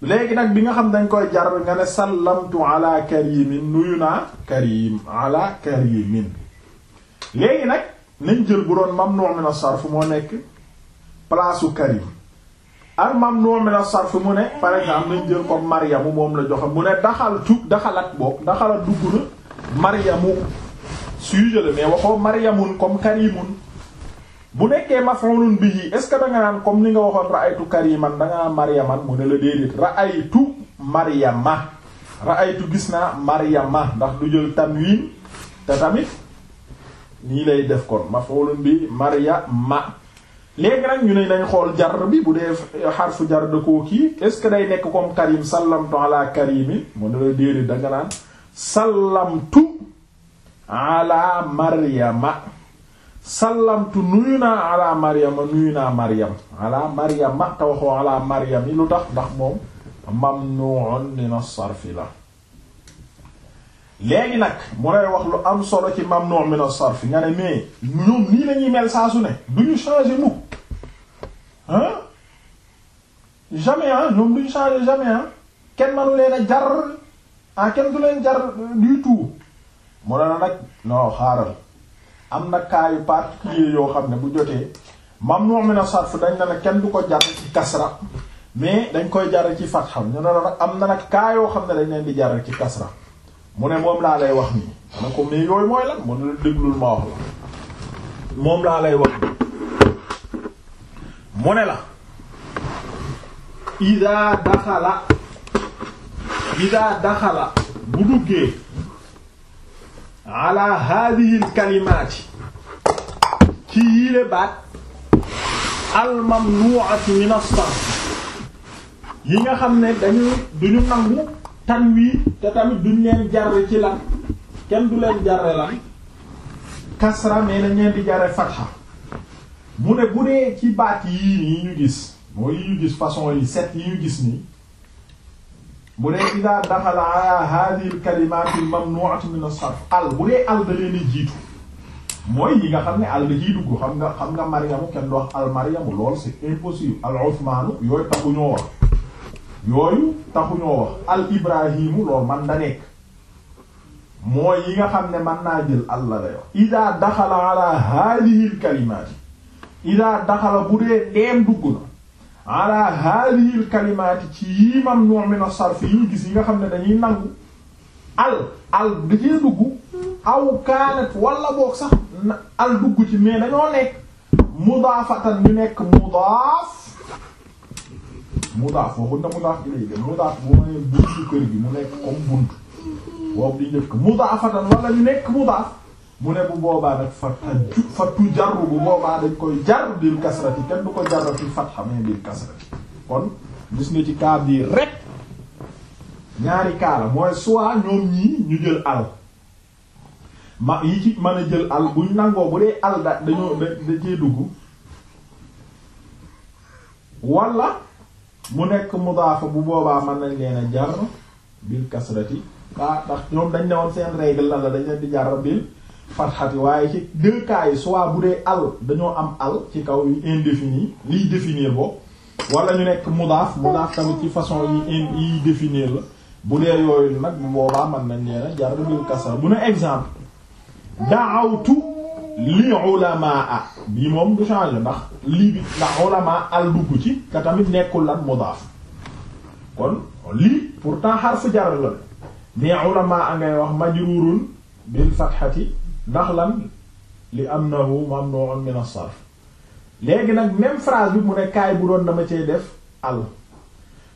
léegi nag bi nga xam dañ koy jar nga ne sallamtu ala karimin nuyu naa karim ala karimin léegi nag nañ jël bu doon mamnu' min as-sarf moo nekk palaasu karim al mamnu' min as-sarf mu ne par exemple nañ jël comme maryamu moom la joxe mu ne daxal tu daxalat boog daxalat dugg na maryamu sujet la mais waxoo maryamun comme karimun bu nekkee maf'ulun bihi est ce que da naan comme ni nga waxoon ra'aytu kariman da nga naan maryaman mu ne la déedéet ra'aytu maryama ra'aytu gis naa maryama ndax du jël tanwin te tamit nii lay def kon maf'ulun bi maryama léegi nag ñu ne nañ xool jar bi bu dee xarfu jar da koo kii est ce que day nekk comme karim sallamtu ala karimi mu ne la déedéet da naan sallamtu alaa maryama sallamtu nuyu naa alaa maryama nuyu naa maryam alaa maryama te waxoo alaa maryam lu tax ndax moom mamnuun dina sarfi la léegi nag mu lay wax lu am solo ci mamnu min as-sarf nga ne mais ñoom nii lañuy mel saa su ne duñu changer mukk hein jamais hein ñoom duñu changer jamais hein kenn manu leen a jar ah kenn du leen jar du tout mu ne la nag non xaaral am na kaayu particulier yoo xam ne bu jotee mamnu min as-sarf dañ ne la kenn du ko jar ci kasra mais dañ koy jar ci fatha ñu ne la nag am na nag kaa yoo xam ne dañ leen di jar ci kasra mu ne moom laa lay wax nii na ko mais yooyu mooy lan mu ne la déglul ne la ida daxala ida daxala bu duggee ala hadihi lkalimaati ci yiile baat almamnuati min as-sarf yi nga xam ne dañu duñu nangu tanwi te tamit duñ leen jarre ci lan kenn du leen jarre lan kasra mais dañ leen di jarre fatha mu ne bu dee ci baat yii nii ñu gis mooy yi ñu gis façon yi set yi ñu gis nii bu dee idaa daxala ala hadihi al al mamnu'at min as-sarf al bu dee al da leen jiitu mooy yi nga xam ne al da ciy dugg xam nga xam nga mariamu kenn du wax al mariamu lool c'est impossible al al ibrahimu lool man da nekk mooy yi nga xam ne mën naa jël al la day wax idaa daxala ala hadihi al idaa daxala bu dee deem dugg na ala hadhihi al kalimaati ci yii mamnu' min as-sarf yi gis yi nga xam ne dañuy nangu al al da cee dugg aw kaanat wala boog sax al dugg ci mais dañoo nekk mudaafatan ñu nekk mudaaf mudaaf waxuñ na mudaaf ilay de mudaaf bu ma nee buntu kër gi mu nekk comme buntu boobu di njëkk mudaafatan wala ñu nekk mudaaf mu ne bu boobaa nag fattu fattu jarru bu boobaa dañ koy jar bil kasrati kenn du ko jarrati fatxa mais bil kasrati kon gis nga ci cas bii rek ñaari cas la mooy soit ñoom ñii ñu jël al ma yi ci mën a jël al buñ nangoo bu dee al da dañoo da da cee dugg mu nekk mudaafa bu boobaa mën nañ leen a jar bil kasrati ah ndax ñoom dañ ne woon seen règle la la dañ leen di jar bil fatxati waaye ci deux cas yi soit bu dee al dañoo am al ci kaw yu indéfini liy définir bo wala ñu nekk mudaaf mudaaf tamit ci façon yi yiy définir la bu dee yooyu nag boobaa mën nañ nee na jar bil kasra bu ne exemple daawtu li ulamaa bii moom du changer ndax lii bi ndax ulamaa al dugg ci te tamit nekkul lan mudaaf kon lii pourtant xarfu jar la mais a ngay wax majruurun bil fatxati ndax lan li annahu mamnu'un min as-sarf léegi nag même phrase bi mu ne kaay bu doon dama cee def al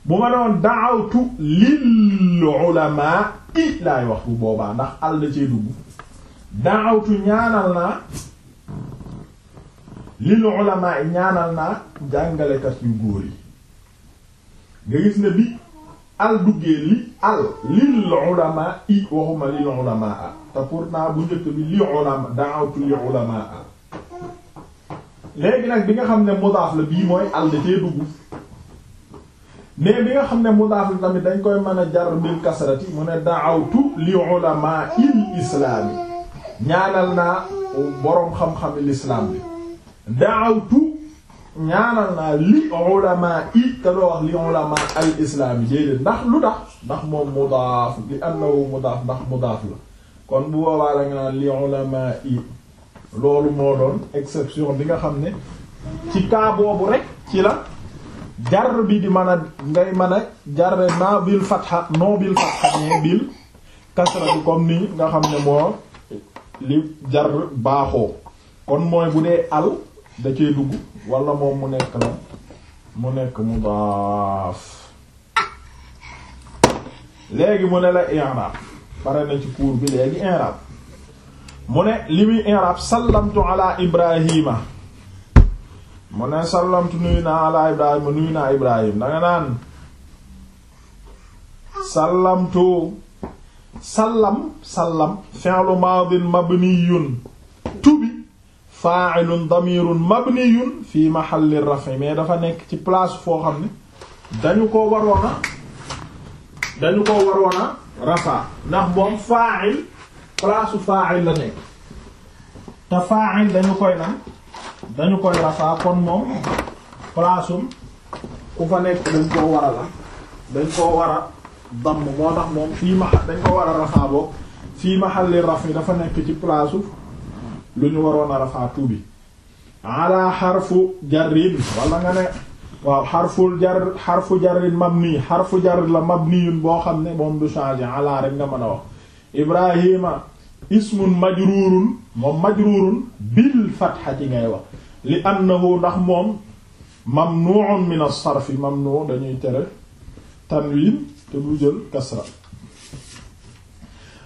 bu ma doon da'awtu lil ulama i laay wax bu boobaa ndax al da cay dugg da'awtu ñaanal naa lil ulama ñaanal naa jàngalekat yu góor yi nga gis ne bi al duggee li al lil ulama i waxuma lil ulama a te pourtant bu njëkk bi li ulama da'awtu li ulama a léegi nag bi nga xam ne mudaaf la bii mooy al da cee dugg mais bi nga xam ne mudaaf la tamit dañ koy mën a jar bil kasrati mu ne da'awtu li ulama il islaami ñaanal naa boroom xam-xami l'islam bi da'awtu ñaanal naa li ulama i te doo wax li ulama al islaami ndax lu tax ndax moom mudaaf li annahu mudaaf kon bu la nga li ulama i loolu moo doon exception bi nga xam ne ci cas boobu rek ci la jar bi di mën a jar mën a jarre naa bil fatha non bil fatha mais bil kasra bi comme ni nga xam ne moo li jar baaxoo kon mooy bu dee al da cee dugg wala moom mu nekk la mu nekk mudaaf léegi mu ne la i'rab pare na ci cours bi léegi i'rab mu ne li muy i'rab sallamtu ala ibrahima mu ne sallamtu nuyu naa ala ibrahima nuyu naa ibrahim danga naan sallamtu sallam sallam fi'lu maadin mabniyun tubi fa'ilun damirun mabniyun fi mahalli raf'i mais dafa nekk ci place foo xam ne dañu ko waroona dañu ko waroona ndax boom fa'il place fa'il la nekk te fa'il dañu koy nan dañu koy rafa kon moom place um ku fa nekk dañ koo war la dañ koo war a damm moo tax moom fii ma dañ ko wara a rafa boog fii mahalli raf'i dafa nekk ci place lu ñu waroon a rafaa tuubi ala xarfu nga ne waaw xarful jar xarfu jarrin mabni xarfu jarrin la mabniyun boo xam ne moom du changé ala rek nga mën a wax ibrahima ismun majruurun moom majruurun bil fatxa ci ngay wax li annahu ndax moom mamnu'un min as-sarfi mamnu' dañuy tere tanwin te bu jël kasra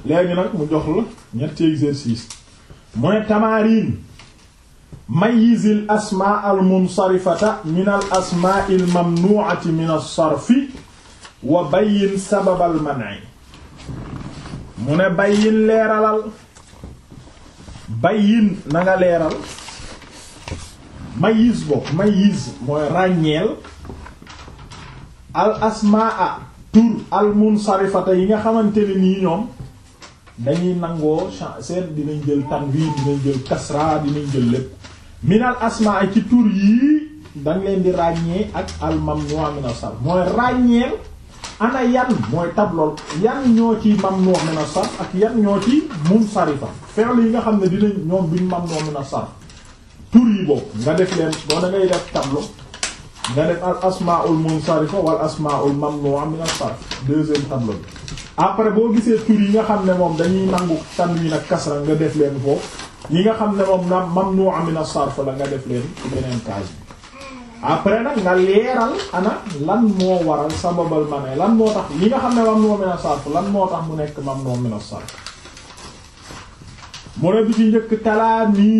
léegi nag mu jox la ñetti exercice mu ne tamarin mayizil asmaa al munsarifata min al asmaa il mamnuuati min al sarfi wa bayyin sababal man'i mu ne bayyin leeralal bayyin na leeral mayiz bokk mayiz mooy ràññeel al asmaa tur al munsarifata yi nga xamante ne nii ñoom dañuy nangoo seen dinañ jël tanwin dinañ jël kasra dinañ jël lépp minal asmaa ay ci tur yii dañ leen di ràññee ak al mamnu min asar mooy ràññeel ana yan mooy tablool yan ñoo ci mamnu min asar ak yan ñoo ci munsarifa fi'l yi nga xam ne dinañ ñoom biñ mamnu min asar tur yi boobu nga def leen boo da ngay def tableau nga def al asmaul munsarifa wal asmaul mamnu min asar deuxième tableau bi après boo gisee tur yi nga xam ne moom dañuy nangu tanwin ak kasra nga def leen foofu yi nga xam ne moom na mamnu'a min as-sarf la nga def leen beneen case bi après nag nga leeral ana ma lan moo tax yi nga xam ne mamnu'a min sarf lan moo tax mu nekk mamnu'a min as-sarf mu ne bi ci njëkk talaami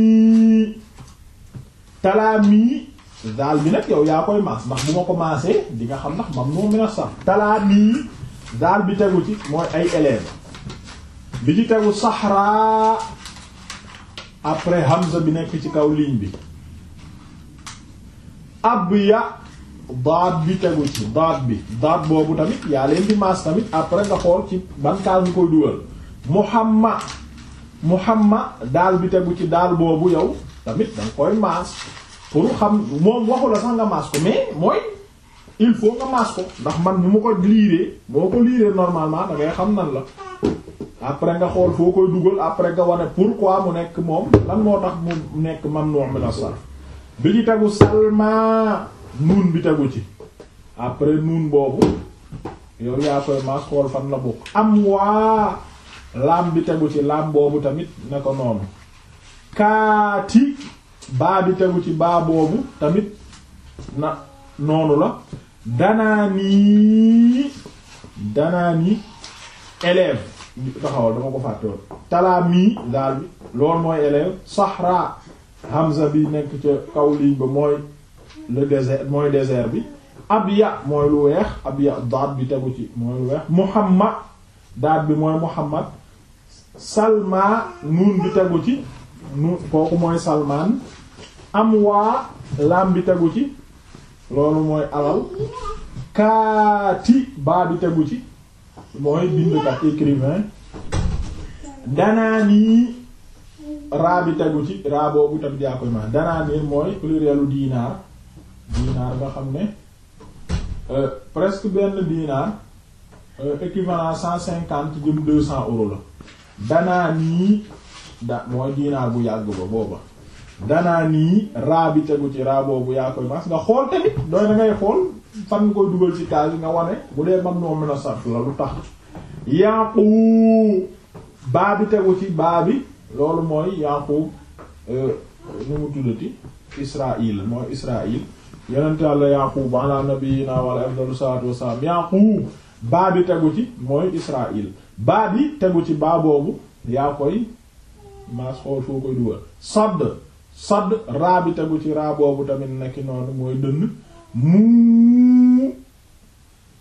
talaami daal bi nag yow yaa koy maas ndax bu ma ko maasee di nga xam ndax mamnu'a min as-sarf talaami daal bi tegu ci mooy ay élèves bi ci tegu saxraa après Hamza bi nekk ci kaw ligne bi ab ya daat bi tegu ci daat bi daat boobu tamit yaa leen di maas tamit après nga xool ci ban kaas ñu koy dugal muhamma muhamma daal bi tegu ci daal boobu yow tamit danga koy maas pour xam moom waxu sax nga maas ko mais mooy il faut nga maas ko ndax man ni mu ko liiree moo ko liiree normalement da xam nan la après nga xool foo koy dugal après nga wane pourquoi mu nekk moom lan moo tax mu nekk mamnu min as-sarf bi ci tegu salma nuun bi tegu ci après nuun boobu yow yaa koy maas xool fan la bokk am waa laam bi tegu ci laam boobu tamit ne ko noonu kaati baa bi tegu ci baa boobu tamit na noonu la danaa nii danaa nii élève taxawal dama ko fàttewoon talaami daal bi loolu mooy élève sahra hamza bi nekk ca kaw ligne ba mooy le désert mooy désert bi abya mooy lu weex abya daat bi tegu ci mooy lu weex muhammad daat bi mooy muhammad salma nuun bi tegu ci nuun kooku mooy salman amwa laam bi tegu ci loolu mooy alal kaati baa bi tegu ci mooy bindkat écrivain danaani raa bi tegu ci raa boobu tamit yaa koy man danaani mooy plurielu diinaar diinaar nga xam ne euh, presque benn diinaar euh, cent cinquante jëm deux cents euros la danaani da mooy diinaar bu yàgg ba booba danaa nii raa bi tegu ci raa bu yaa koy mas nga xool tamit doy na ngay xool fan nga koy dugal ci kaas yi nga wane bu dee mam noo mën a sart la lu tax yaqu baa bi tegu ci baa bi loolu mooy yaqu euh, nu mu baa bi tegu ci mooy baa boobu yaa koy maas xool foo koy dugal sadd sadd raa bi tegu ci raa boobu tamit nekki noonu mooy dënn muu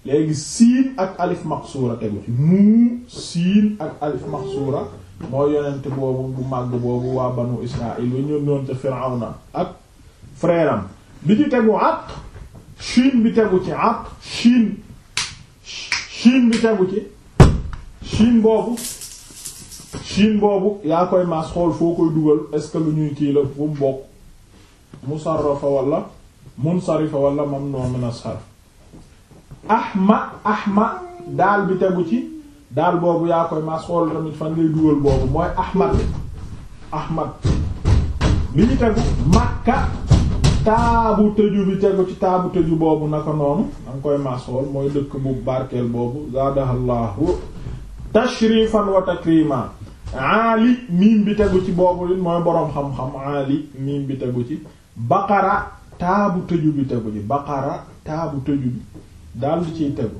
léegi siin ak alif maxsuura tegu ci muu siin ak alif maxsuura mooy yonent boobu bu màgg boobu waa banu israil wa ñoon noon ca Firawna ak frère am bi ci tegu àq shin bi tegu ci àq shin shin bi tegu ci shin boobu Chine boobu yaa koy maas xool foo koy dugal est-ce que lu ñuy kii la bu mu bokk musarrafa wala munsarifa wala mamnu min as-sarf ahma ahma daal bi tegu ci daal boobu yaa koy maas xool tamit fan ngay dugal boobu mooy ahmad ahmad li ñu tegu makka taabu tëju bi tegu ci taabu tëju boobu naka noonu danga koy maas xool mooy dëkk bu barkeel boobu zaadahallahu tashrifan wa takrima aali miim bi tegu ci boobu li mooy boroom xam-xam aali miim bi tegu ci baqara taabu tëju bi tegu ci baqara taabu tëju bi daal ciy tegu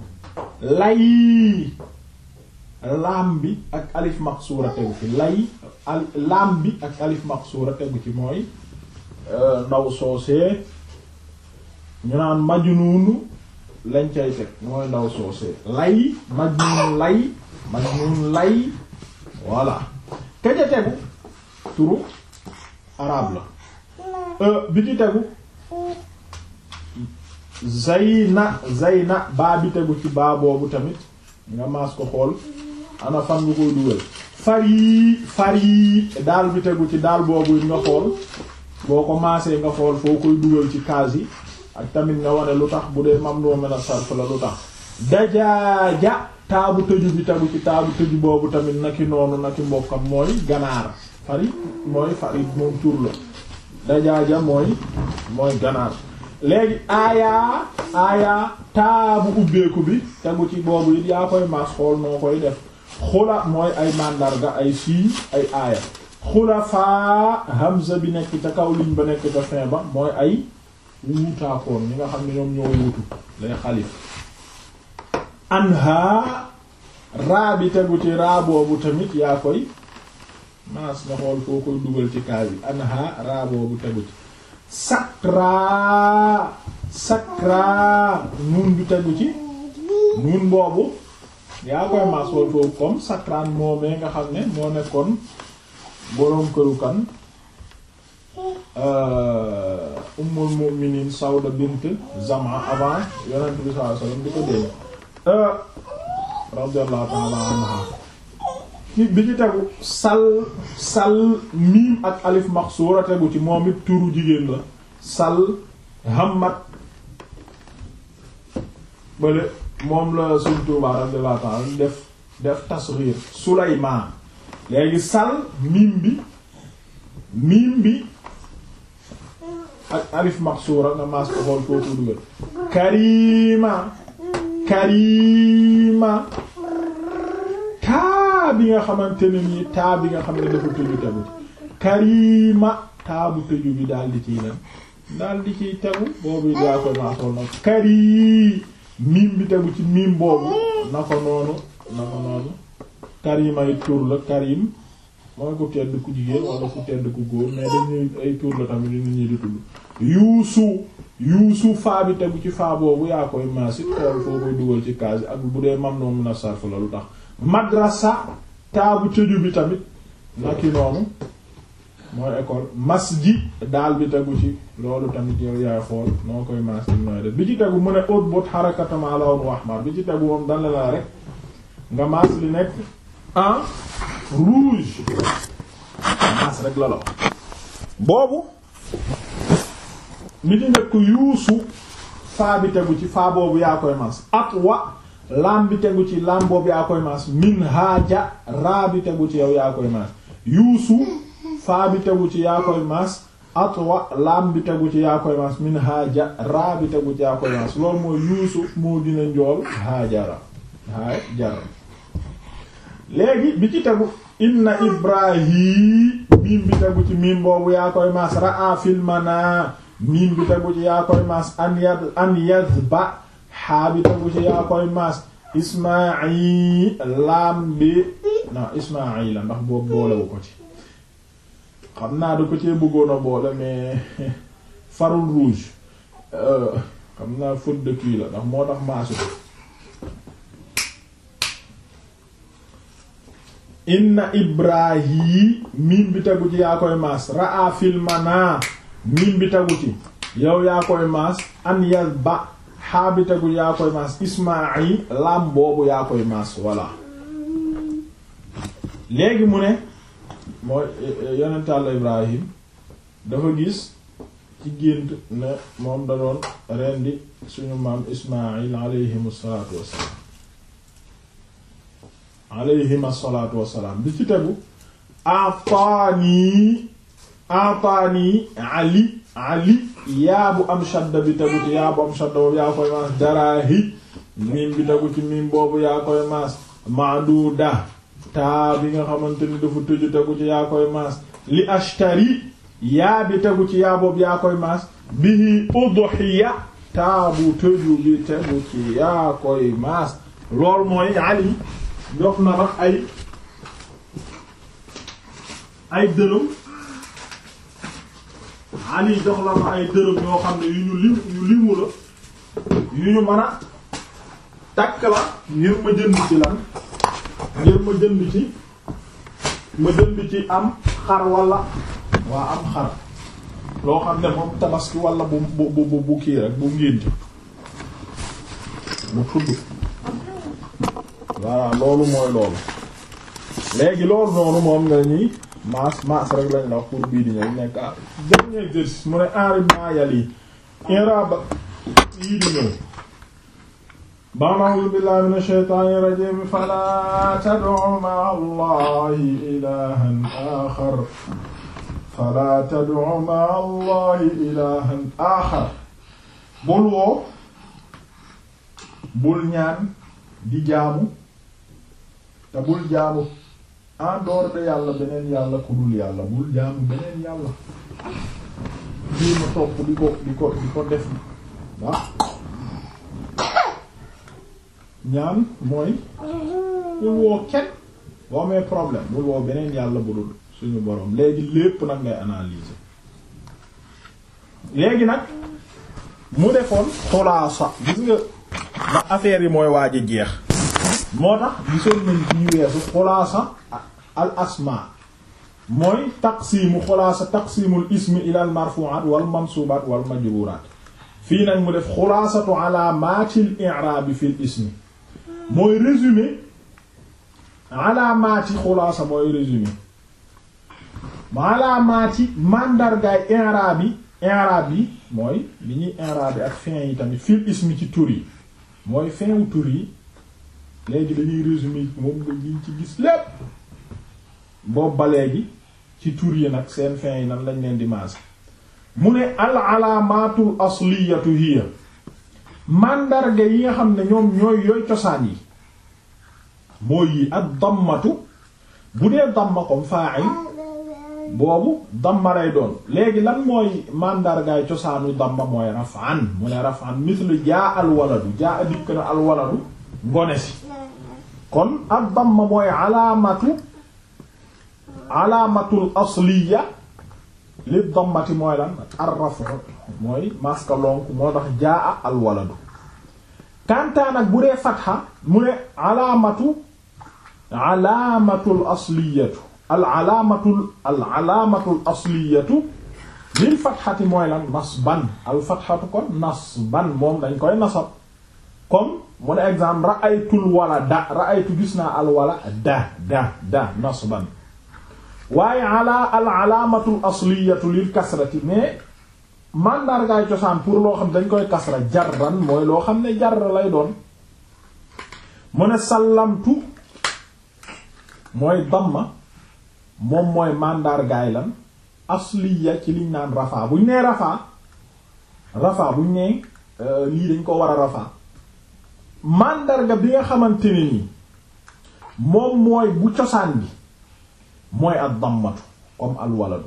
lay laam bi ak alif maxsuura tegu ci lay al laam bi ak alif maxsuura tegu ci mooy euh, ndaw soosee ñu naan majnuunu lañ cay teg mooy ndaw soosee lay majnuun lay majnuun lay voilà ka ca tegu turu arabe la euh, bi ci tegu zayna zayna baa bi tegu ci baa boobu tamit nga maas ko xool ana fan nga koy dugal far yi far yi daal bi tegu ci daal boobu it nga xool boo ko maasee nga xool foo koy dugal ci kaas yi ak tamit nga wane lu tax bu dee mam noo mën a sarf la lu tax dajaaja taabu tëju bi tagu ci taabu tëju boobu tamit naki noonu naki mbokkam mooy ganaar farid mooy farid moom tur dajaaja mooy mooy ganaar léegi aayaa aayaa taabu ubbeeku bi tegu ci boobu it yaa koy maas xool noo koy def xula mooy ay màndarga ay sii ay aaya xulafaa hamza bi nekk ca kaw liñ ba nekk ca fin ba mooy ay wuutaakoon ñi nga xam ne ñoom ñoo wutu lay xalif anha raa bi tegu ci raa boobu tamit yaa koy maas nga xool foo koy dugal ci kaay bi anha raa boobu tegu ci sakraa sakraa nuun bi tegu ci nuun boobu yaa koy maas xool foofu comme sakraan moomee nga xam ne moo nekkoon boroom këru kan euh, ummul mu'minin Sawda bint Zama avant yonent bi sallallahu di ko dee Euh, radiyallahu ta'ala anha ci bi ci tegu sal sal miim ak alif maxsuura tegu ci moom it turu jigéen la sal hammat bële moom la Sëriñ Tuubaa radiyallahu ta'ala def def tasghir Sulaymaan léegi sal miim bi miim bi ak alif maxsuura nga maas ko xool koo ko dugal karima karima taa bi nga xamante ne nii taa bi nga xamante ne dafa tëju tegu karima taa bu tëju bi daal di ciy lan daal di ciy tegu boobu daa ko maasoon bi tegu ci miim boobu na ko noonu na ko noonu ay tur la karim mooy ku tedd ku jigéen wala ku tedd ku góor mais dañuy ay tur la tamit nit ñi di tudd yuusu yuusu faa bi tegu ci faa boobu yaa koy maasit xool foo koy dugal ci kaas ak bu dee mam noonu na sarf la lu tax madrasa taabu tëju bi tamit naki noonu mooy école masjid daal bi tegu ci loolu tamit yow yaay xool noo koy maasit nooy def bi ci tegu mu ne óot boot xarakatama la woon wax ma bi ci tegu moom dana la rek nga maas li nekk en rouge maas rek la la wax boobu mi di nekk yuusu faa bi tegu ci faa boobu yaa koy mas atwa laam bi tegu ci laam boobu yaa koy mas min haaja raa bi tegu ci yow yaa koy mas yuusu faa bi tegu ci yaa koy mas atwa laam bi tegu ci yaa koy mas min haaja raa bi tegu ci yaa koy mas loolu mooy yuusuf moo dina njool haajara haajara léegi bi ci tegu inna ibrahim miim bi tegu ci miim boobu yaa koy mas raa filmana miim bi tegu ci yaa koy maas an yad an yazba xaa bi tegu ci yaa koy maas ismail laam bi non ismail la ndax boobu boolewu ko ci xam naa da ko cee bëggoon a boole mais <laughs> farul rouge euh, xam naa faute de kii la ndax moo tax maasu inna ibrahim miim bi tegu ci yaa koy maas raa filmana miim bi tagu ci yow yaa koy maas an yas ba xaa bi tagu yaa koy maas ismail laam boobu yaa koy maas voilà léegi mu ne mooy e, e, yonent Yàlla Ibrahim dafa gis ci gént ne moom da doon rendi suñu maam ismail alayhim asalatu wasalam alayhim asalatu wasalam bi ci tegu afaani ataani ali ali bu am shadda bi tegu ci am shadda boobu yaa daraahi miim bi tegu ci boobu yaa maas maaduda taa nga xamante ni dafa tëju maas li ashtari yaa bi tegu ci yaa maas bihi udhiya taa bu tëju bi tegu ci maas lool mooy ali jox na ay ay dërëm Ali jox la ma dërëm yoo xam ne yu ñu lim yu limu la yu ñu mën a takk la ngir ma jënd ci lan ngir ma jënd ci ma jënd ci am xar wala waa am xar loo xam ne moom tabaski wala bu bu bu bu kii rek bu ngénte bu tudd voilà loolu mooy loolu léegi loolu noonu moom nga ñuy maas maas rek lañ la wax pour bii di ñëw nekk ah dernier exercice mu ne enrib maayal yi inraba yii di ñëw ba'awuzu billahi minash shaytaanir rajiim falaa tad'u ma'a allahi ilahan axar falaa tad'u ma'a allahi ilahan axar bul woo bul ñaan di jaamu te bul jaamu en dehors de yàlla beneen yàlla ku yàlla bul jaamu beneen yàlla lii ma topp di ko di ko di ko def waaw ñaan mooy woo kenn boo amee problème bul woo beneen yàlla bu dul suñu boroom léegi lépp nag ngay analyser léegi nag mu defoon xulaasa gis nga ndax yi mooy waaj a jeex moo tax gisoon nañ ci ñu weesu xulaasa al asmaa mooy taqsiimu xulaasa taqsiimul ismi ila al marfu'aat wal mansuubaat wal majruuraat fii nag mu def xulaasatu alaamaatil i'raabi fil ismi mooy résumé alaamaati xulaasa mooy résumé mooy li ñuy i'raab yi ak fin yi tamit fil ismi ci tur yi mooy fin tur yi léegi dañuy résumé moom nga liñ ci gis lépp boobu ba léegi ci tur yi nag seen fin yi nan lañ leen di mu ne al alaamatul yi nga xam ne ñoom cosaan yi mooy yi ak dammatu bu dee damma comme doon léegi lan mooy mandargaay cosaanu damma mooy rafan mu ne rafan mislu jaa al jaa a na al waladu si kon ak damma mooy alaamatu alaamatul asliya li dammati mooy lan arrafu mooy maska lonk moo tax jaa al waladu kantaan ak bu dee fatxa mu ne alaamatu alaamatul asliyatu al asliyatu lil fatxati mooy lan nasban al fatxatu kon nasban moom dañ koy nasab comme mu ne exemple ra'aytul walada ra'aytu gis naa al wala da da da nasban waaye ala al alaamatul asliyatu lil kasrati mais mandargaay cosaan pour loo xam dañ koy kasra jarran mooy loo xam ne jarr lay doon mu ne sallamtu mooy damma moom mooy mandargaay lan asliya ci liñ naan rafaa buñ nee rafaa rafaa buñ nee euh, lii dañ ko war a rafaa màndarga bi nga xamante ne ni moom mooy bu cosaan bi mooy ak dammatu comme alwaladu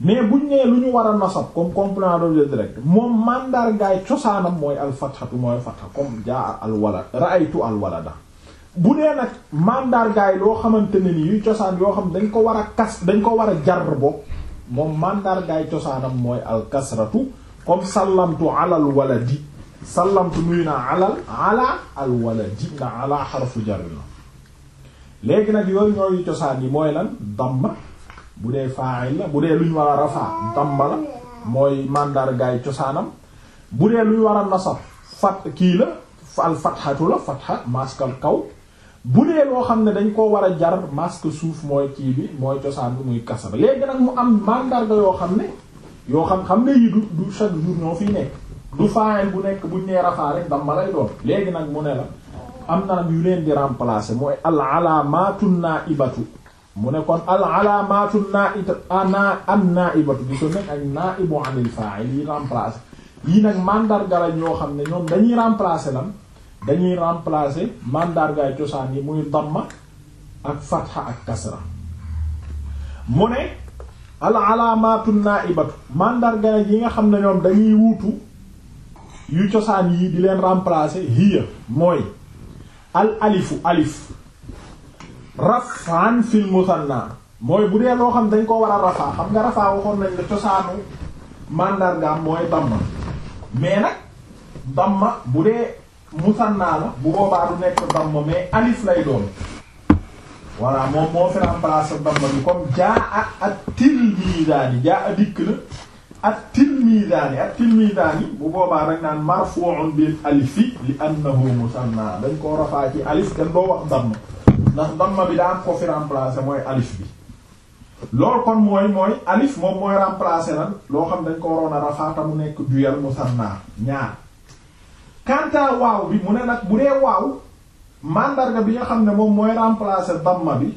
mais buñ nee lu ñu war a nasab comme complément d'objet direct moom mandargaay cosaanam mooy alfathatu mooy fatha comme jaa alwalad ra'aytu alwalada bu dee nag mandargaay loo xamante ne ni cosaan yoo xam dañ ko war a kas dañ ko war a jar bo moom mandargaay cosaanam mooy alkasratu comme sallamtu alal waladi sallamtu nuyu naa alal ala alwaladi ndax ala xarfu jar la léegi nag yooyu ñooyu cosaan bi mooy lan damma bu dee fa'il la bu dee lu war a rafaa damma la mooy màndargaay cosaanam bu dee lu ñu war a nasab fat kii la al fatxatu la fatxa maskal kaw bu dee loo xam ne dañ ko war a jar masque suuf mooy kii bi mooy cosaan bi muy kasara léegi nag mu am mandarga yoo xam ne yoo xam xam ne yi du du chaque jour ñoo fiy nekk du fa'il bu nekk buñ nee rafaa rek damma lay doon léegi nag mu ne la am na yu leen di remplacer mooy al alaamaatu naaibatu mu ne kon al alaamaatu naaibatu an naaibatu bi so nekk ak naaibu anil fa'il yi remplacer yii nag mandarga la ñoo xam ne ñoom dañuy remplacer lan dañuy remplacer mandargaay cosaan yi muy damma ak fatha ak kasra mu ne al alaamaatu naaibatu mandarga yi nga xam ne ñoom dañuy wuutu yu cosaan yii di leen remplacer hiya mooy al alifu alif rafan fil musanna mooy bu dee loo xam dañ ko war a rafaa xam nga rafaa waxoon nañ ne cosaanu mandargaam mooy damma mais nag damma bu dee musanna la bu boobaa du nekk damma mais alif lay doon voilà moom moo fi remplacer damma bi comme jaa ak tilmidaani jaa a dikk na ak tilmidaani ak tilmidaani bu boobaa rek naan marfu'un bi alifi li annahu musanna dañ koo rafaa ci alif kenn doo wax damma ndax damma bi daa am ko fi remplacer mooy alif bi loolu kon mooy mooy alif moom mooy remplacer lan loo xam dañ ko waroon a rafaata mu nekk duyal musanna ñaar kanta waaw bi mu ne nag bu dee waaw mandarga bi nga xam ne moom mooy remplacer damma bi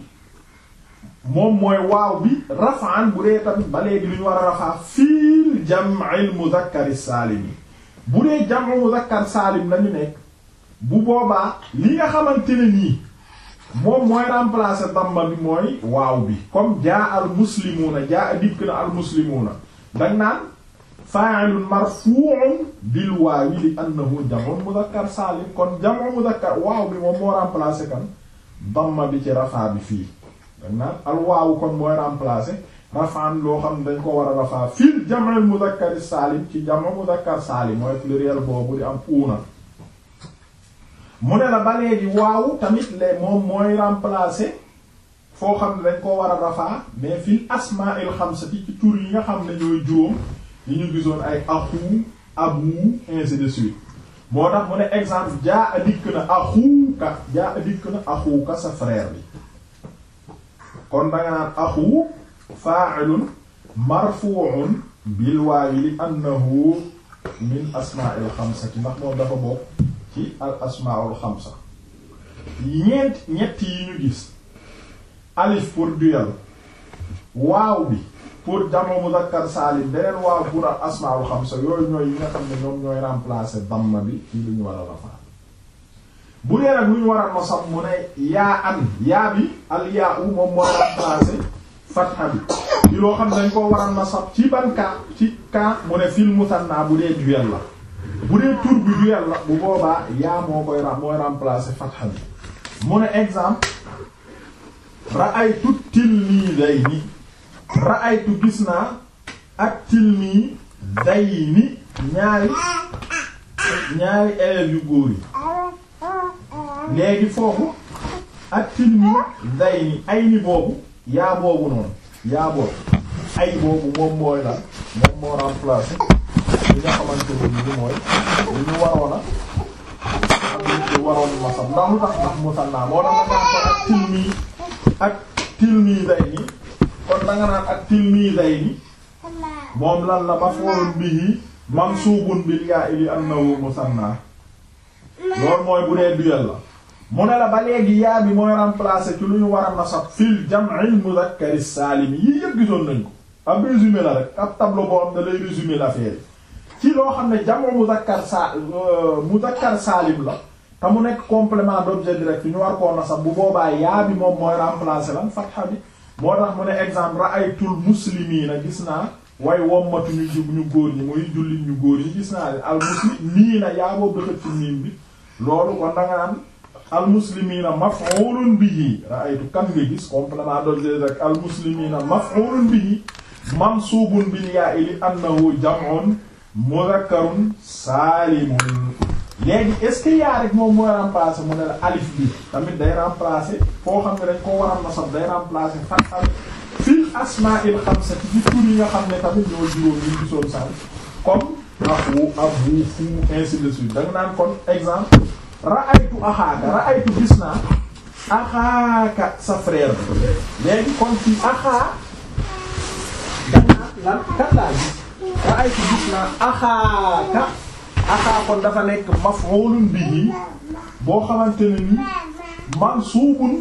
moom mooy waaw bi rafaan bu dee tamit ba léegi lu ñu war a rafaa fiil jam'il muzakkari saalim bu dee jam'u muzakkar saalim lañu nekk bu boobaa li nga xamante ne nii moom mooy remplacer damma bi mooy waaw bi comme jaa al muslimuuna jaa dikk na al muslimuuna dang naan fa'ilun marfu'un bil waawi li annahu jam'u muzakkar saalim kon jam'u muzakkar waaw bi moom moo remplacer kan damma bi ci rafaa bi fii dañ naan alwaawu kon mooy remplacer rafaan loo xam ne dañ ko war a rafaa fil jam'il muzakkar saalim ci jam'u muzakkar saalim mooy pluriel boobu di am uuna mu ne la ba léegi waawu tamit le moom mooy remplacer foo xam ne dañ koo war a rafaa mais fil asma'il xamsati ci tur yi nga xam ne ñooy juróom yi ñu gisoon ay axu abu ainsi moo tax mu ne exemple jaa a dikk na axuuka jaa a dikk na axuuka sa frère bi kon danga naan axu fa'ilun marfu'un bil waawi li annahu min asmaa'il xamsati ndax moom dafa bokk ci al asmaa'ul xamsa ñeent ñett yi ñu gis alif pour duel waaw bi pour jamo muzakkar saalim beneen waaw pour asmaa'ul xamsa yooyu ñooy yi nga xam ne ñoom ñooy remplacer damma bi ci lu ñu war a rafaat bu dee nag lu war a nasab mu ne yaa an yaa bi al moom mooy remplacer fatha bi loo xam ne koo war a nasab ci ban ci kaa mu ne fil musanna bu dee duel la bu dee tur bi la bu boobaa yaa moo koy mooy remplacer fatha bi mu ne exemple ra'aytu tilmidayni ra'aytu gis naa ak tilmidayni ñaari ñaari élèves yu góor yi léegi foofu ak tilmi day ni ay ni boobu yaa boobu noonu yaa boobu ay boobu moom mooy lan moom moo remplacer li nga xamante ne lu tax ndax musanna moo tax ak tilmi ak tilmi ni kon da naan ak tilmi day ni moom lan la maf'ulun bihi mansuubun bil yaa'i li annahu musanna loolu mooy bu dee duel la mu ne la ba léegi yaa bi mooy remplacer ci lu ñu war a nasab fil jam'il muzakkari saalim yii yëpp gisoon nañ ko ab résumé la rek ab tableau boo xam ne lay résumer l'affaire ci loo xam ne jam'u muzakkar sa euh, muzakkar saalim la te mu nekk complement d'objet direct ñu war koo nasab bu boobaa yaa bi moom mooy remplacer lan fatha bi moo tax mu ne exemple ra'aytul muslimiina gis naa way wommatu ñu ñu góor ñi muy jullit loolu kon danga naan al muslimina maf'ulun bihi ra'aytu kan nga gis complément d'objet rek al muslimina maf'ulun bihi li annahu jam'un mudhakkarun saalimun léegi est-ce que yaa rek moom mooy remplacer mu ne la alif bi tamit day remplacer foo xam ne dañ koo waral nasab day remplacer fatxal fil asma'il xamsa ci tur yi nga xam ne tamit ñoo juróom yi gisoon sànq comme axu abu fu ainsi de suite da naan kon exemple ra'aytu axaaka ra'aytu gis naa axaaka sa frère bi kon ci axaa da naan lan kan laa gis ra'aytu gis naa axaaka axaa kon dafa nekk maf'ulun bihi boo xamante ne ni mansuubun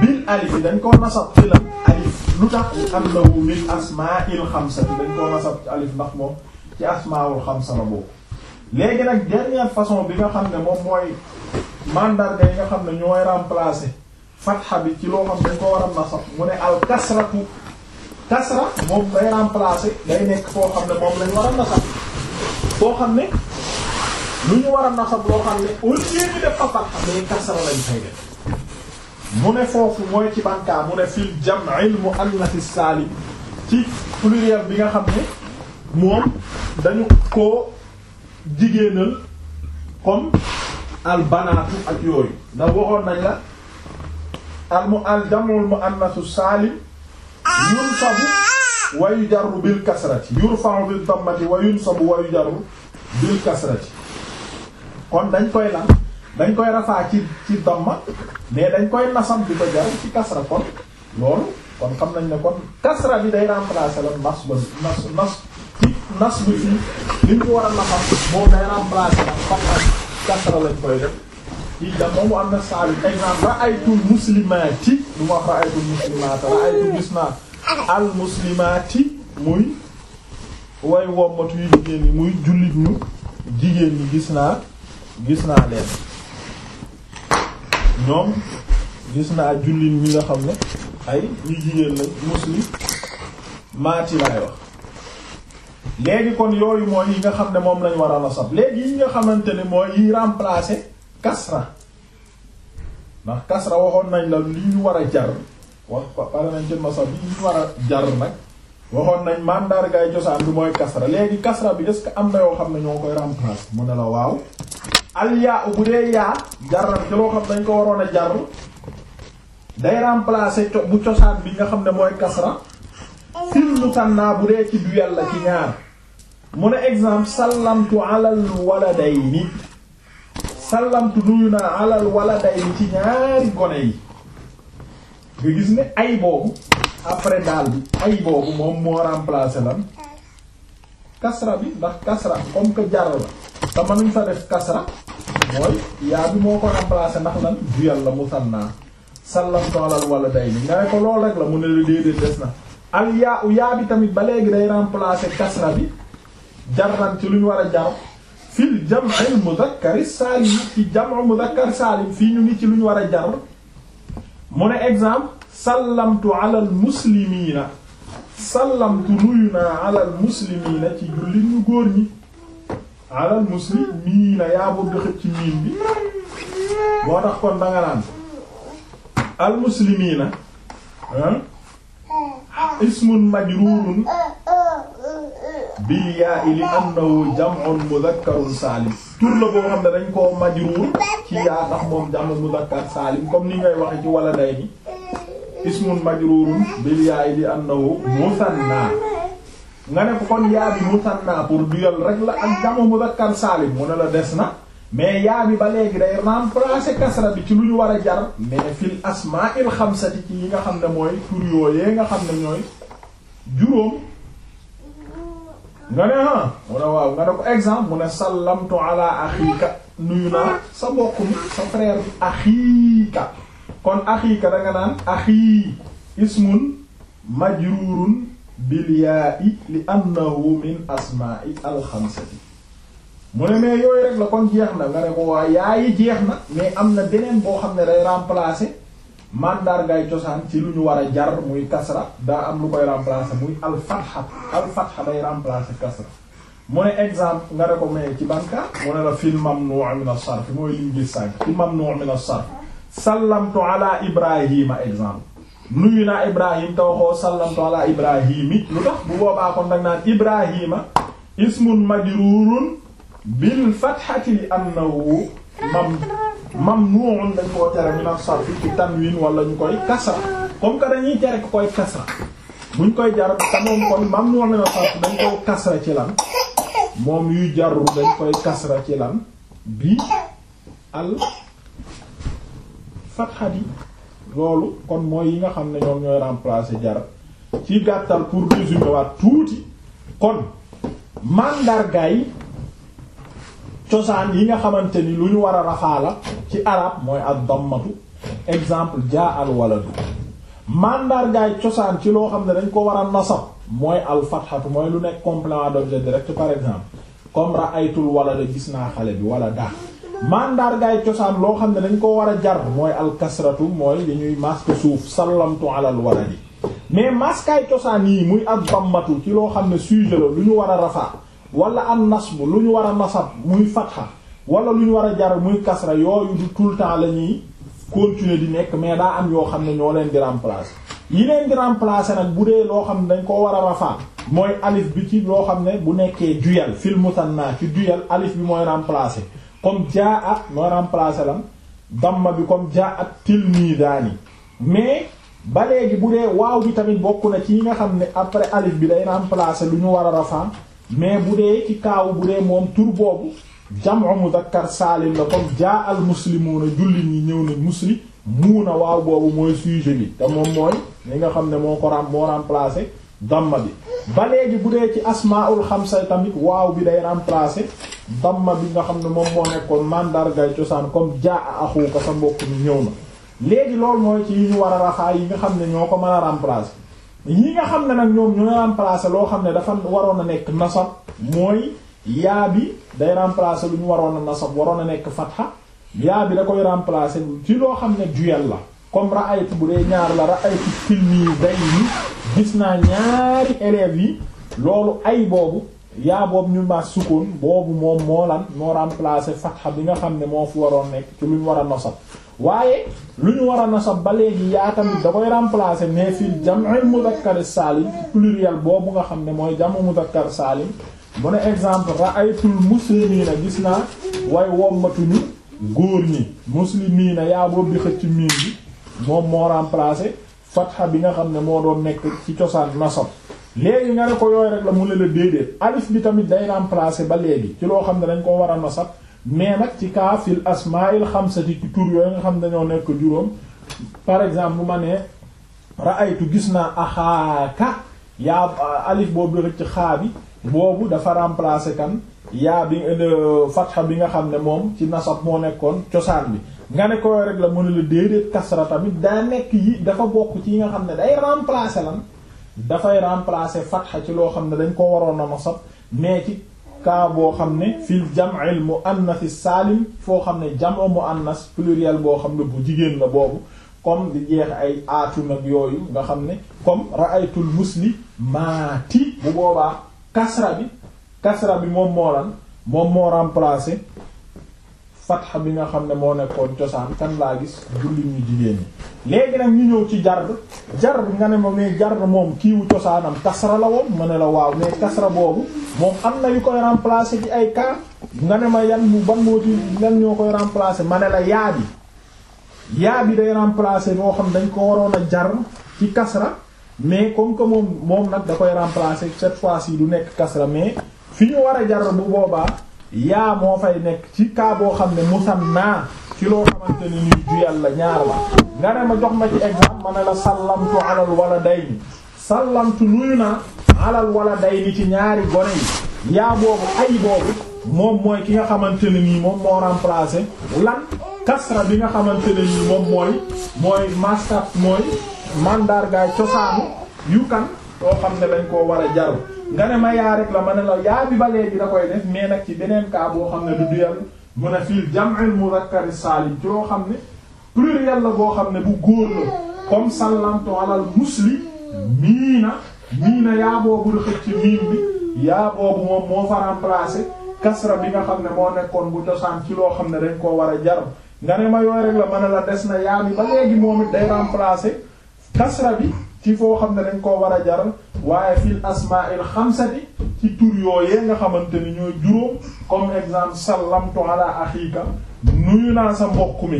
bil alif dañ ko nasab ci lan alif lu tax annahu min asma'il xamsati dañ ko nasab alif ndax moom ci asmaawul xamsa la boobu léegi nag dernière façon bi nga xam ne moom mooy mandarga yi nga xam ne ñooy remplacer fatxa bi ci loo xam dañ ko war a nasab mu ne al kasratu kasra moom day remplacer day nekk xam ne moom lañ war a nasab foo xam ne lu ñu war a nasab loo xam ne au lieu ñu def fa fatxa kasra lañ fay def ne foofu mooy ci bankaa mu ne fil jam'il muannath salim ci pluriel bi nga xam ne moom dañu koo jigéenal comme albanaatu ak yooyu ndax waxoon nañ la al mu al jamul mu annasu saalim yunsabu wa yujarru bil kasrati yurfa'u bil dammati wa yunsabu wa yujarru bil kasrati kon dañ koy lan dañ koy rafaa ci ci mais dañ koy nasam bi ko jar ci kasra kon loolu kon xam nañ ne kon kasra bi day remplacer la nas ba nas nas nas bi fii li ñu war a nafar moom day remplacer ak fatxa kasra lañ koy def i da moomu am na saabi exemple ra'aytul muslimati du ma wax ra'aytul muslimata ra'aytul gis naa al muslimati muy way wommatu yu jigéen ñi muy jullit ñu jigéen ñi gis naa gis naa leen ñoom gis naa jullit ñi nga xam ne ay ñu jigéen lañ muslim maati laay wax léegi kon yooyu mooy yi nga xam ne moom lañu war a nasab léegi yi nga xamante ne mooy yi remplacer kasra ndax kasra waxoon nañ la li ñu war a jar wax pare nañ ci nasab yi ñu war a jar nag waxoon nañ mandargaay cosaan bi mooy kasra léegi kasra bi est-ce que am na yoo xam ne ñoo koy remplacer mu ne la waaw alyaa bu dee yaa jar na loo xam dañ ko waroon a jar day remplacer bu cosaan bi nga xam ne mooy kasra musanna bu dee ci yàlla la ci ñaar mu ne exemple sallamtu alal waladayni sallamtu nuyu naa alal waladayni ci ñaari gone yi nga gis ne ay boobu après daal bi ay boobu moom moo remplacé lan kasra bi ndax kasra comme que jar la te mënuñ fa def kasra mooy yaa bi moo ko remplacé ndax lan duyal la musanna sallamtu alal waladayni nga ne ko lool rek la mu ne la déedéet des na al yaa bi tamit ba léegi day remplacer kasra bi jarran ci lu ñu war a jar fi jam'il muzakkari saalim ci fii ñu ci lu ñu war a jar mu ne exemple sallamtu alal muslimiina sallamtu ci jullit ñu góor ñi alal muslimiina yaa bëgg xëcc ci miin bi moo tax kon danga al muslimiina ah ismun majruurun bi yaa ili annahu jam'un mudhakkarun saalim tur la boo xam ne dañ koo majruur ci yaa tax moom jam'un mudhakkar saalim comme ni ngay waxe ci wala day ni ismun majruurun bil yaa ili annahu musanna nga ne ko kon yaa bi musanna pour duyal rek la ak jam'un mudhakkar saalim mu la des na mais yaa bi ba léegi day remplacer kasra bi ci lu ñu war a jar mais fil asmaa'il xamsati ci yi nga xam ne mooy tur yooyee nga xam ne ñooy juróom nga ne ah mu waaw nga ne ko exemple mu ne sallamtu ala axiika nuyu naa sa mbokk mi sa frère bi axiika kon axiika da naan axii ismun majrurun bil li annahu min asmaa'i al xamsati mu ne mais yooyu rek la kon jeex na nga ne ko waa yaayi jeex na mais am na beneen boo xam ne day remplacer mandargaay cosaan ci lu ñu war a jar muy kasra daa am lu koy remplacer muy alfatha alfatha day remplacer kasra mu ne exemple nga ne ko mais ci banka mu ne la fil mamnu' min as-sarf mooy liñ gis sànq ci mamnu' min as-sarf sallamtu ala ibrahima exemple nuyu naa ibrahim te waxoo sallamtu ala ibrahimi lu tax bu boobaa kon naan ibrahima ismun majrurun bil fatxati li annahu mam mamnuun dañ koo tere min as-sarfi ci tanwin wala ñu koy kasra comme que dañuy tere ko koy kasra buñ koy jar tamoom kon mamnuun min as-sarfi dañ koy kasra ci lan moom yuy jarru dañ koy kasra ci lan bi al fatxati loolu kon mooy yi nga xam ne ñoom ñooy remplacer jar ci gàttal pour résumer waat tuuti kon mandargaay cosaan yi nga xamante ni lu ñu war a rafaa la ci arab mooy ak dammatu exemple jaa al waladu mandargaay cosaan ci loo xam ne dañ ko war a nasab mooy al fatxatu mooy lu nekk complément d'objet direct par exemple comme ra'aytul walada gis naa xale bi wala daa mandargaay cosaan loo xam ne dañ ko war a jar mooy al kasratu mooy li ñuy masque suuf sallamtu alal waladi mais maskaay cosaan yi muy ak dammatu ci loo xam ne sujet la lu ñu war a rafaa wala am nasb lu ñu war a nasab muy fatxa wala lu ñu war a jar muy kasra yooyu du tout le temps la ñuy continuer di nekk mais daa am yoo xam ne ñoo leen di remplacer yi leen di remplacer nag bu dee loo xam ne dañ koo war a rafaat mooy alif bi ci loo xam ne bu nekkee duyal fil musanna ci duyal alif bi mooy remplacer comme jaa at mooy remplacer lan damma bi comme jaa at tilmidaani mais ba léegi bu dee waaw bi tamit bokk na ci yi nga xam ne après alif bi day remplacer lu ñu war a rafaat mais bu dee ci kaaw bu dee moom tur boobu jam'u muzakkar saalim la comme jaa al a jullit ñi ñëw na musli muuna waaw boobu mooy sujet bi te moom mooy li nga xam ne moo ko ram moo remplacer bi ba léegi bu dee ci asmaul xamsa tamit waaw bi day remplacer damma bi nga xam ne moom moo nekkoon mandargay cosaan comme jaa a axuuka sa mbokk mi ñëw na léegi loolu mooy ci yu ñu war a raxaa yi nga xam ne ñoo ko mën a ñi nga xam ne nag ñoom ñooy remplacer loo xam ne dafa waroon a nekk nasab mooy yaa bi day remplacer lu ñu waroon a nasab waroon a nekk fatha yaa bi da koy remplacer ci loo xam ne duel la comme ra'aytu bu dee ñaar la ra'aytu tilmi day yi gis naa ñaari élèves yi loolu ay boobu yaa ñu maas sukkoon boobu moom moo lan moo remplacer fatxa bi nga xam ne moo fi waroon nekk ci lu ñu war a nasab waaye lu ñu war a nasab ba léegi yaa tamit da koy remplacer mais fii jam'ul mudakkar saalim pluriel boobu nga xam ne mooy jam'u mudakkar saalim bu ne exemple ra'aytul muslimiina gis naa way wommatuñu góor ñi muslimiina yaa boobu di xëcc miin bi moom moo remplacer fatxa bi nga xam ne moo doon nekk ci cosaan nasab léegi nga ne ko yooyu rek la mu ne la déedéet alif bi tamit day remplacer ba léegi ci loo xam ne dañ ko war a nasab mais nag ci kaa fil asmaa'il xamsati ci tur yooyu nga xam ne dañoo nekk juróom par exemple bu ma nee ra'aytu gis naa axaaka yaa alif boobu rek ci xaa bi boobu dafa remplacer kan yaa bi euh, fatxa bi nga xam ne moom ci nasab moo nekkoon cosaan bi nga ne ko rek la mu ne la déedéet kasra tamit daa nekk yi dafa bokk ci yi nga xam ne day remplacer lan dafay remplacer fatxa ci loo xam ne dañ ko waroon a nasab mais ci kaa boo xam ne fil jam'il muannas saalim foo xam ne jam'u muannas pluriel boo xam ne bu jigéen la boobu comme di jeex ay aatum ak yooyu nga xam ne comme ra'aytul muslimaati bu boobaa kasra bi kasra bi moom moo lan moom moo remplacer fatxa bi nga xam ne moo nekkoon cosaan kan laa gis jullit ñu jigéen ñi léegi nag ñu ñëw ci jar jar nga ne ma mais jar moom kiiwu cosaanam kasra la woon ma ne la waaw mais kasra boobu moom am na yu koy remplacer ci ay cas nga ne ma yan mu ban moo ci lan ñoo ma la yaa bi yaa bi day remplacer boo xam dañ ko waroon a jar ci kasra mais comme que moom moom nag da koy remplacer cette fois-ci du nekk kasra mais fi ñu war a jar bu boobaa yaa moo fay nekk ci kaa boo xam ne musanna ci loo xamante ni ñuy juyal la ñaar la nga ne ma jox ma ci exemple ma ne la sallamtu alal waladayni sallamtu nuyu naa alal waladayni ci ñaari gone yi yaa boobu ay boobu moom mooy ki nga xamante ne nii moom moo remplacé lan kasra bi nga xamante ne nii moom mooy mooy maskat mooy mandargaay cosaanu yu kan xam ne lañ koo war a jaru nga ne ma yaa rek la ma ne la yaa bi ba léegi da koy def mais nag ci beneen cas boo xam ne du yàlla mun a fil jam'il muzakkar saalim ci loo xam ne pluriel la boo xam ne bu góor la comme sallamtu alal muslim miina na yaa boobu di xëcc miin bi yaa boobu moom moo fa remplacer kasra bi nga xam ne moo nekkoon bu cosaan ci loo xam ne dañ koo war a jar nga ne ma yooy rek la ma ne la des na yaa bi ba léegi moom it day remplacer kasra bi. ci foo xam ne dañ koo war a jaral waaye fil asmaa'il xamsati ci tur yooyee nga xamante ni ñooy juróom comme exemple sallamtu ala axiika nuyu naa sa mbokk mi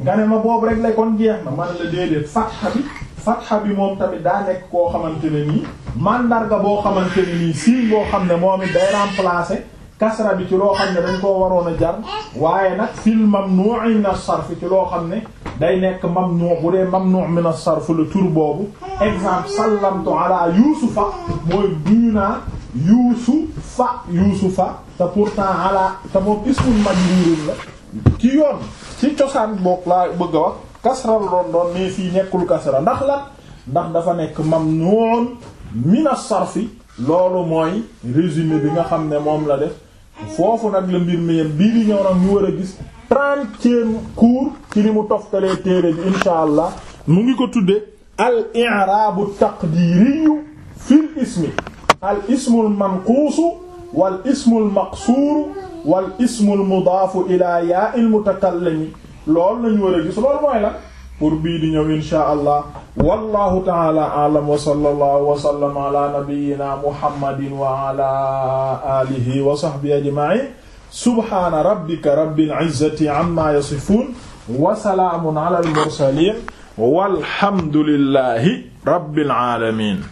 nga ne ma boobu rek la kon jeex na man la déedéet fatxa bi fatxa bi moom tamit daa nekk koo xamante ne nii mandarga boo xamante ne nii siin boo xam ne moom it day remplacer kasra bi ci loo xam ne dañ koo waroon a jar waaye nag fil mamnu'i min as-sarf ci loo xam ne day nekk mamnu' bu dee mamnu' min as-sarf le tur boobu exemple sallamtu ala yusufa mooy duuna yusufa yusufa te pourtant ala te moom ismul majrur la ci yoon ci cosaan boog laa bëgg a wax kasra la doon doon mais fii nekkul kasra ndax la ndax dafa nekk mamnu'un min as-sarf loolu mooy résumé bi nga xam ne moom la def foofu nag la mbir mi yem bii di ñëw nag ñu war a gis trentième cours ci ni mu toftalee téere bi insha allah mu ngi ko tudde al i'rabu taqdiriyu fil ismi al ismul manquusu wal ismul maqsuuru wal ismul mudaafu ila yaa mu mutakallimi loolu lañu war a gis loolu mooy la pour bii di ñëw inshaa allah wallahu taala aalam wa sallallahu wa sallam ala nabiyyina muhammadin wa ala alihi wa sahbihi ajma'in subhana rabbika rabbil izzati amma yasifun wa salaamun ala al mursalin walhamdulillahi rabbil alamin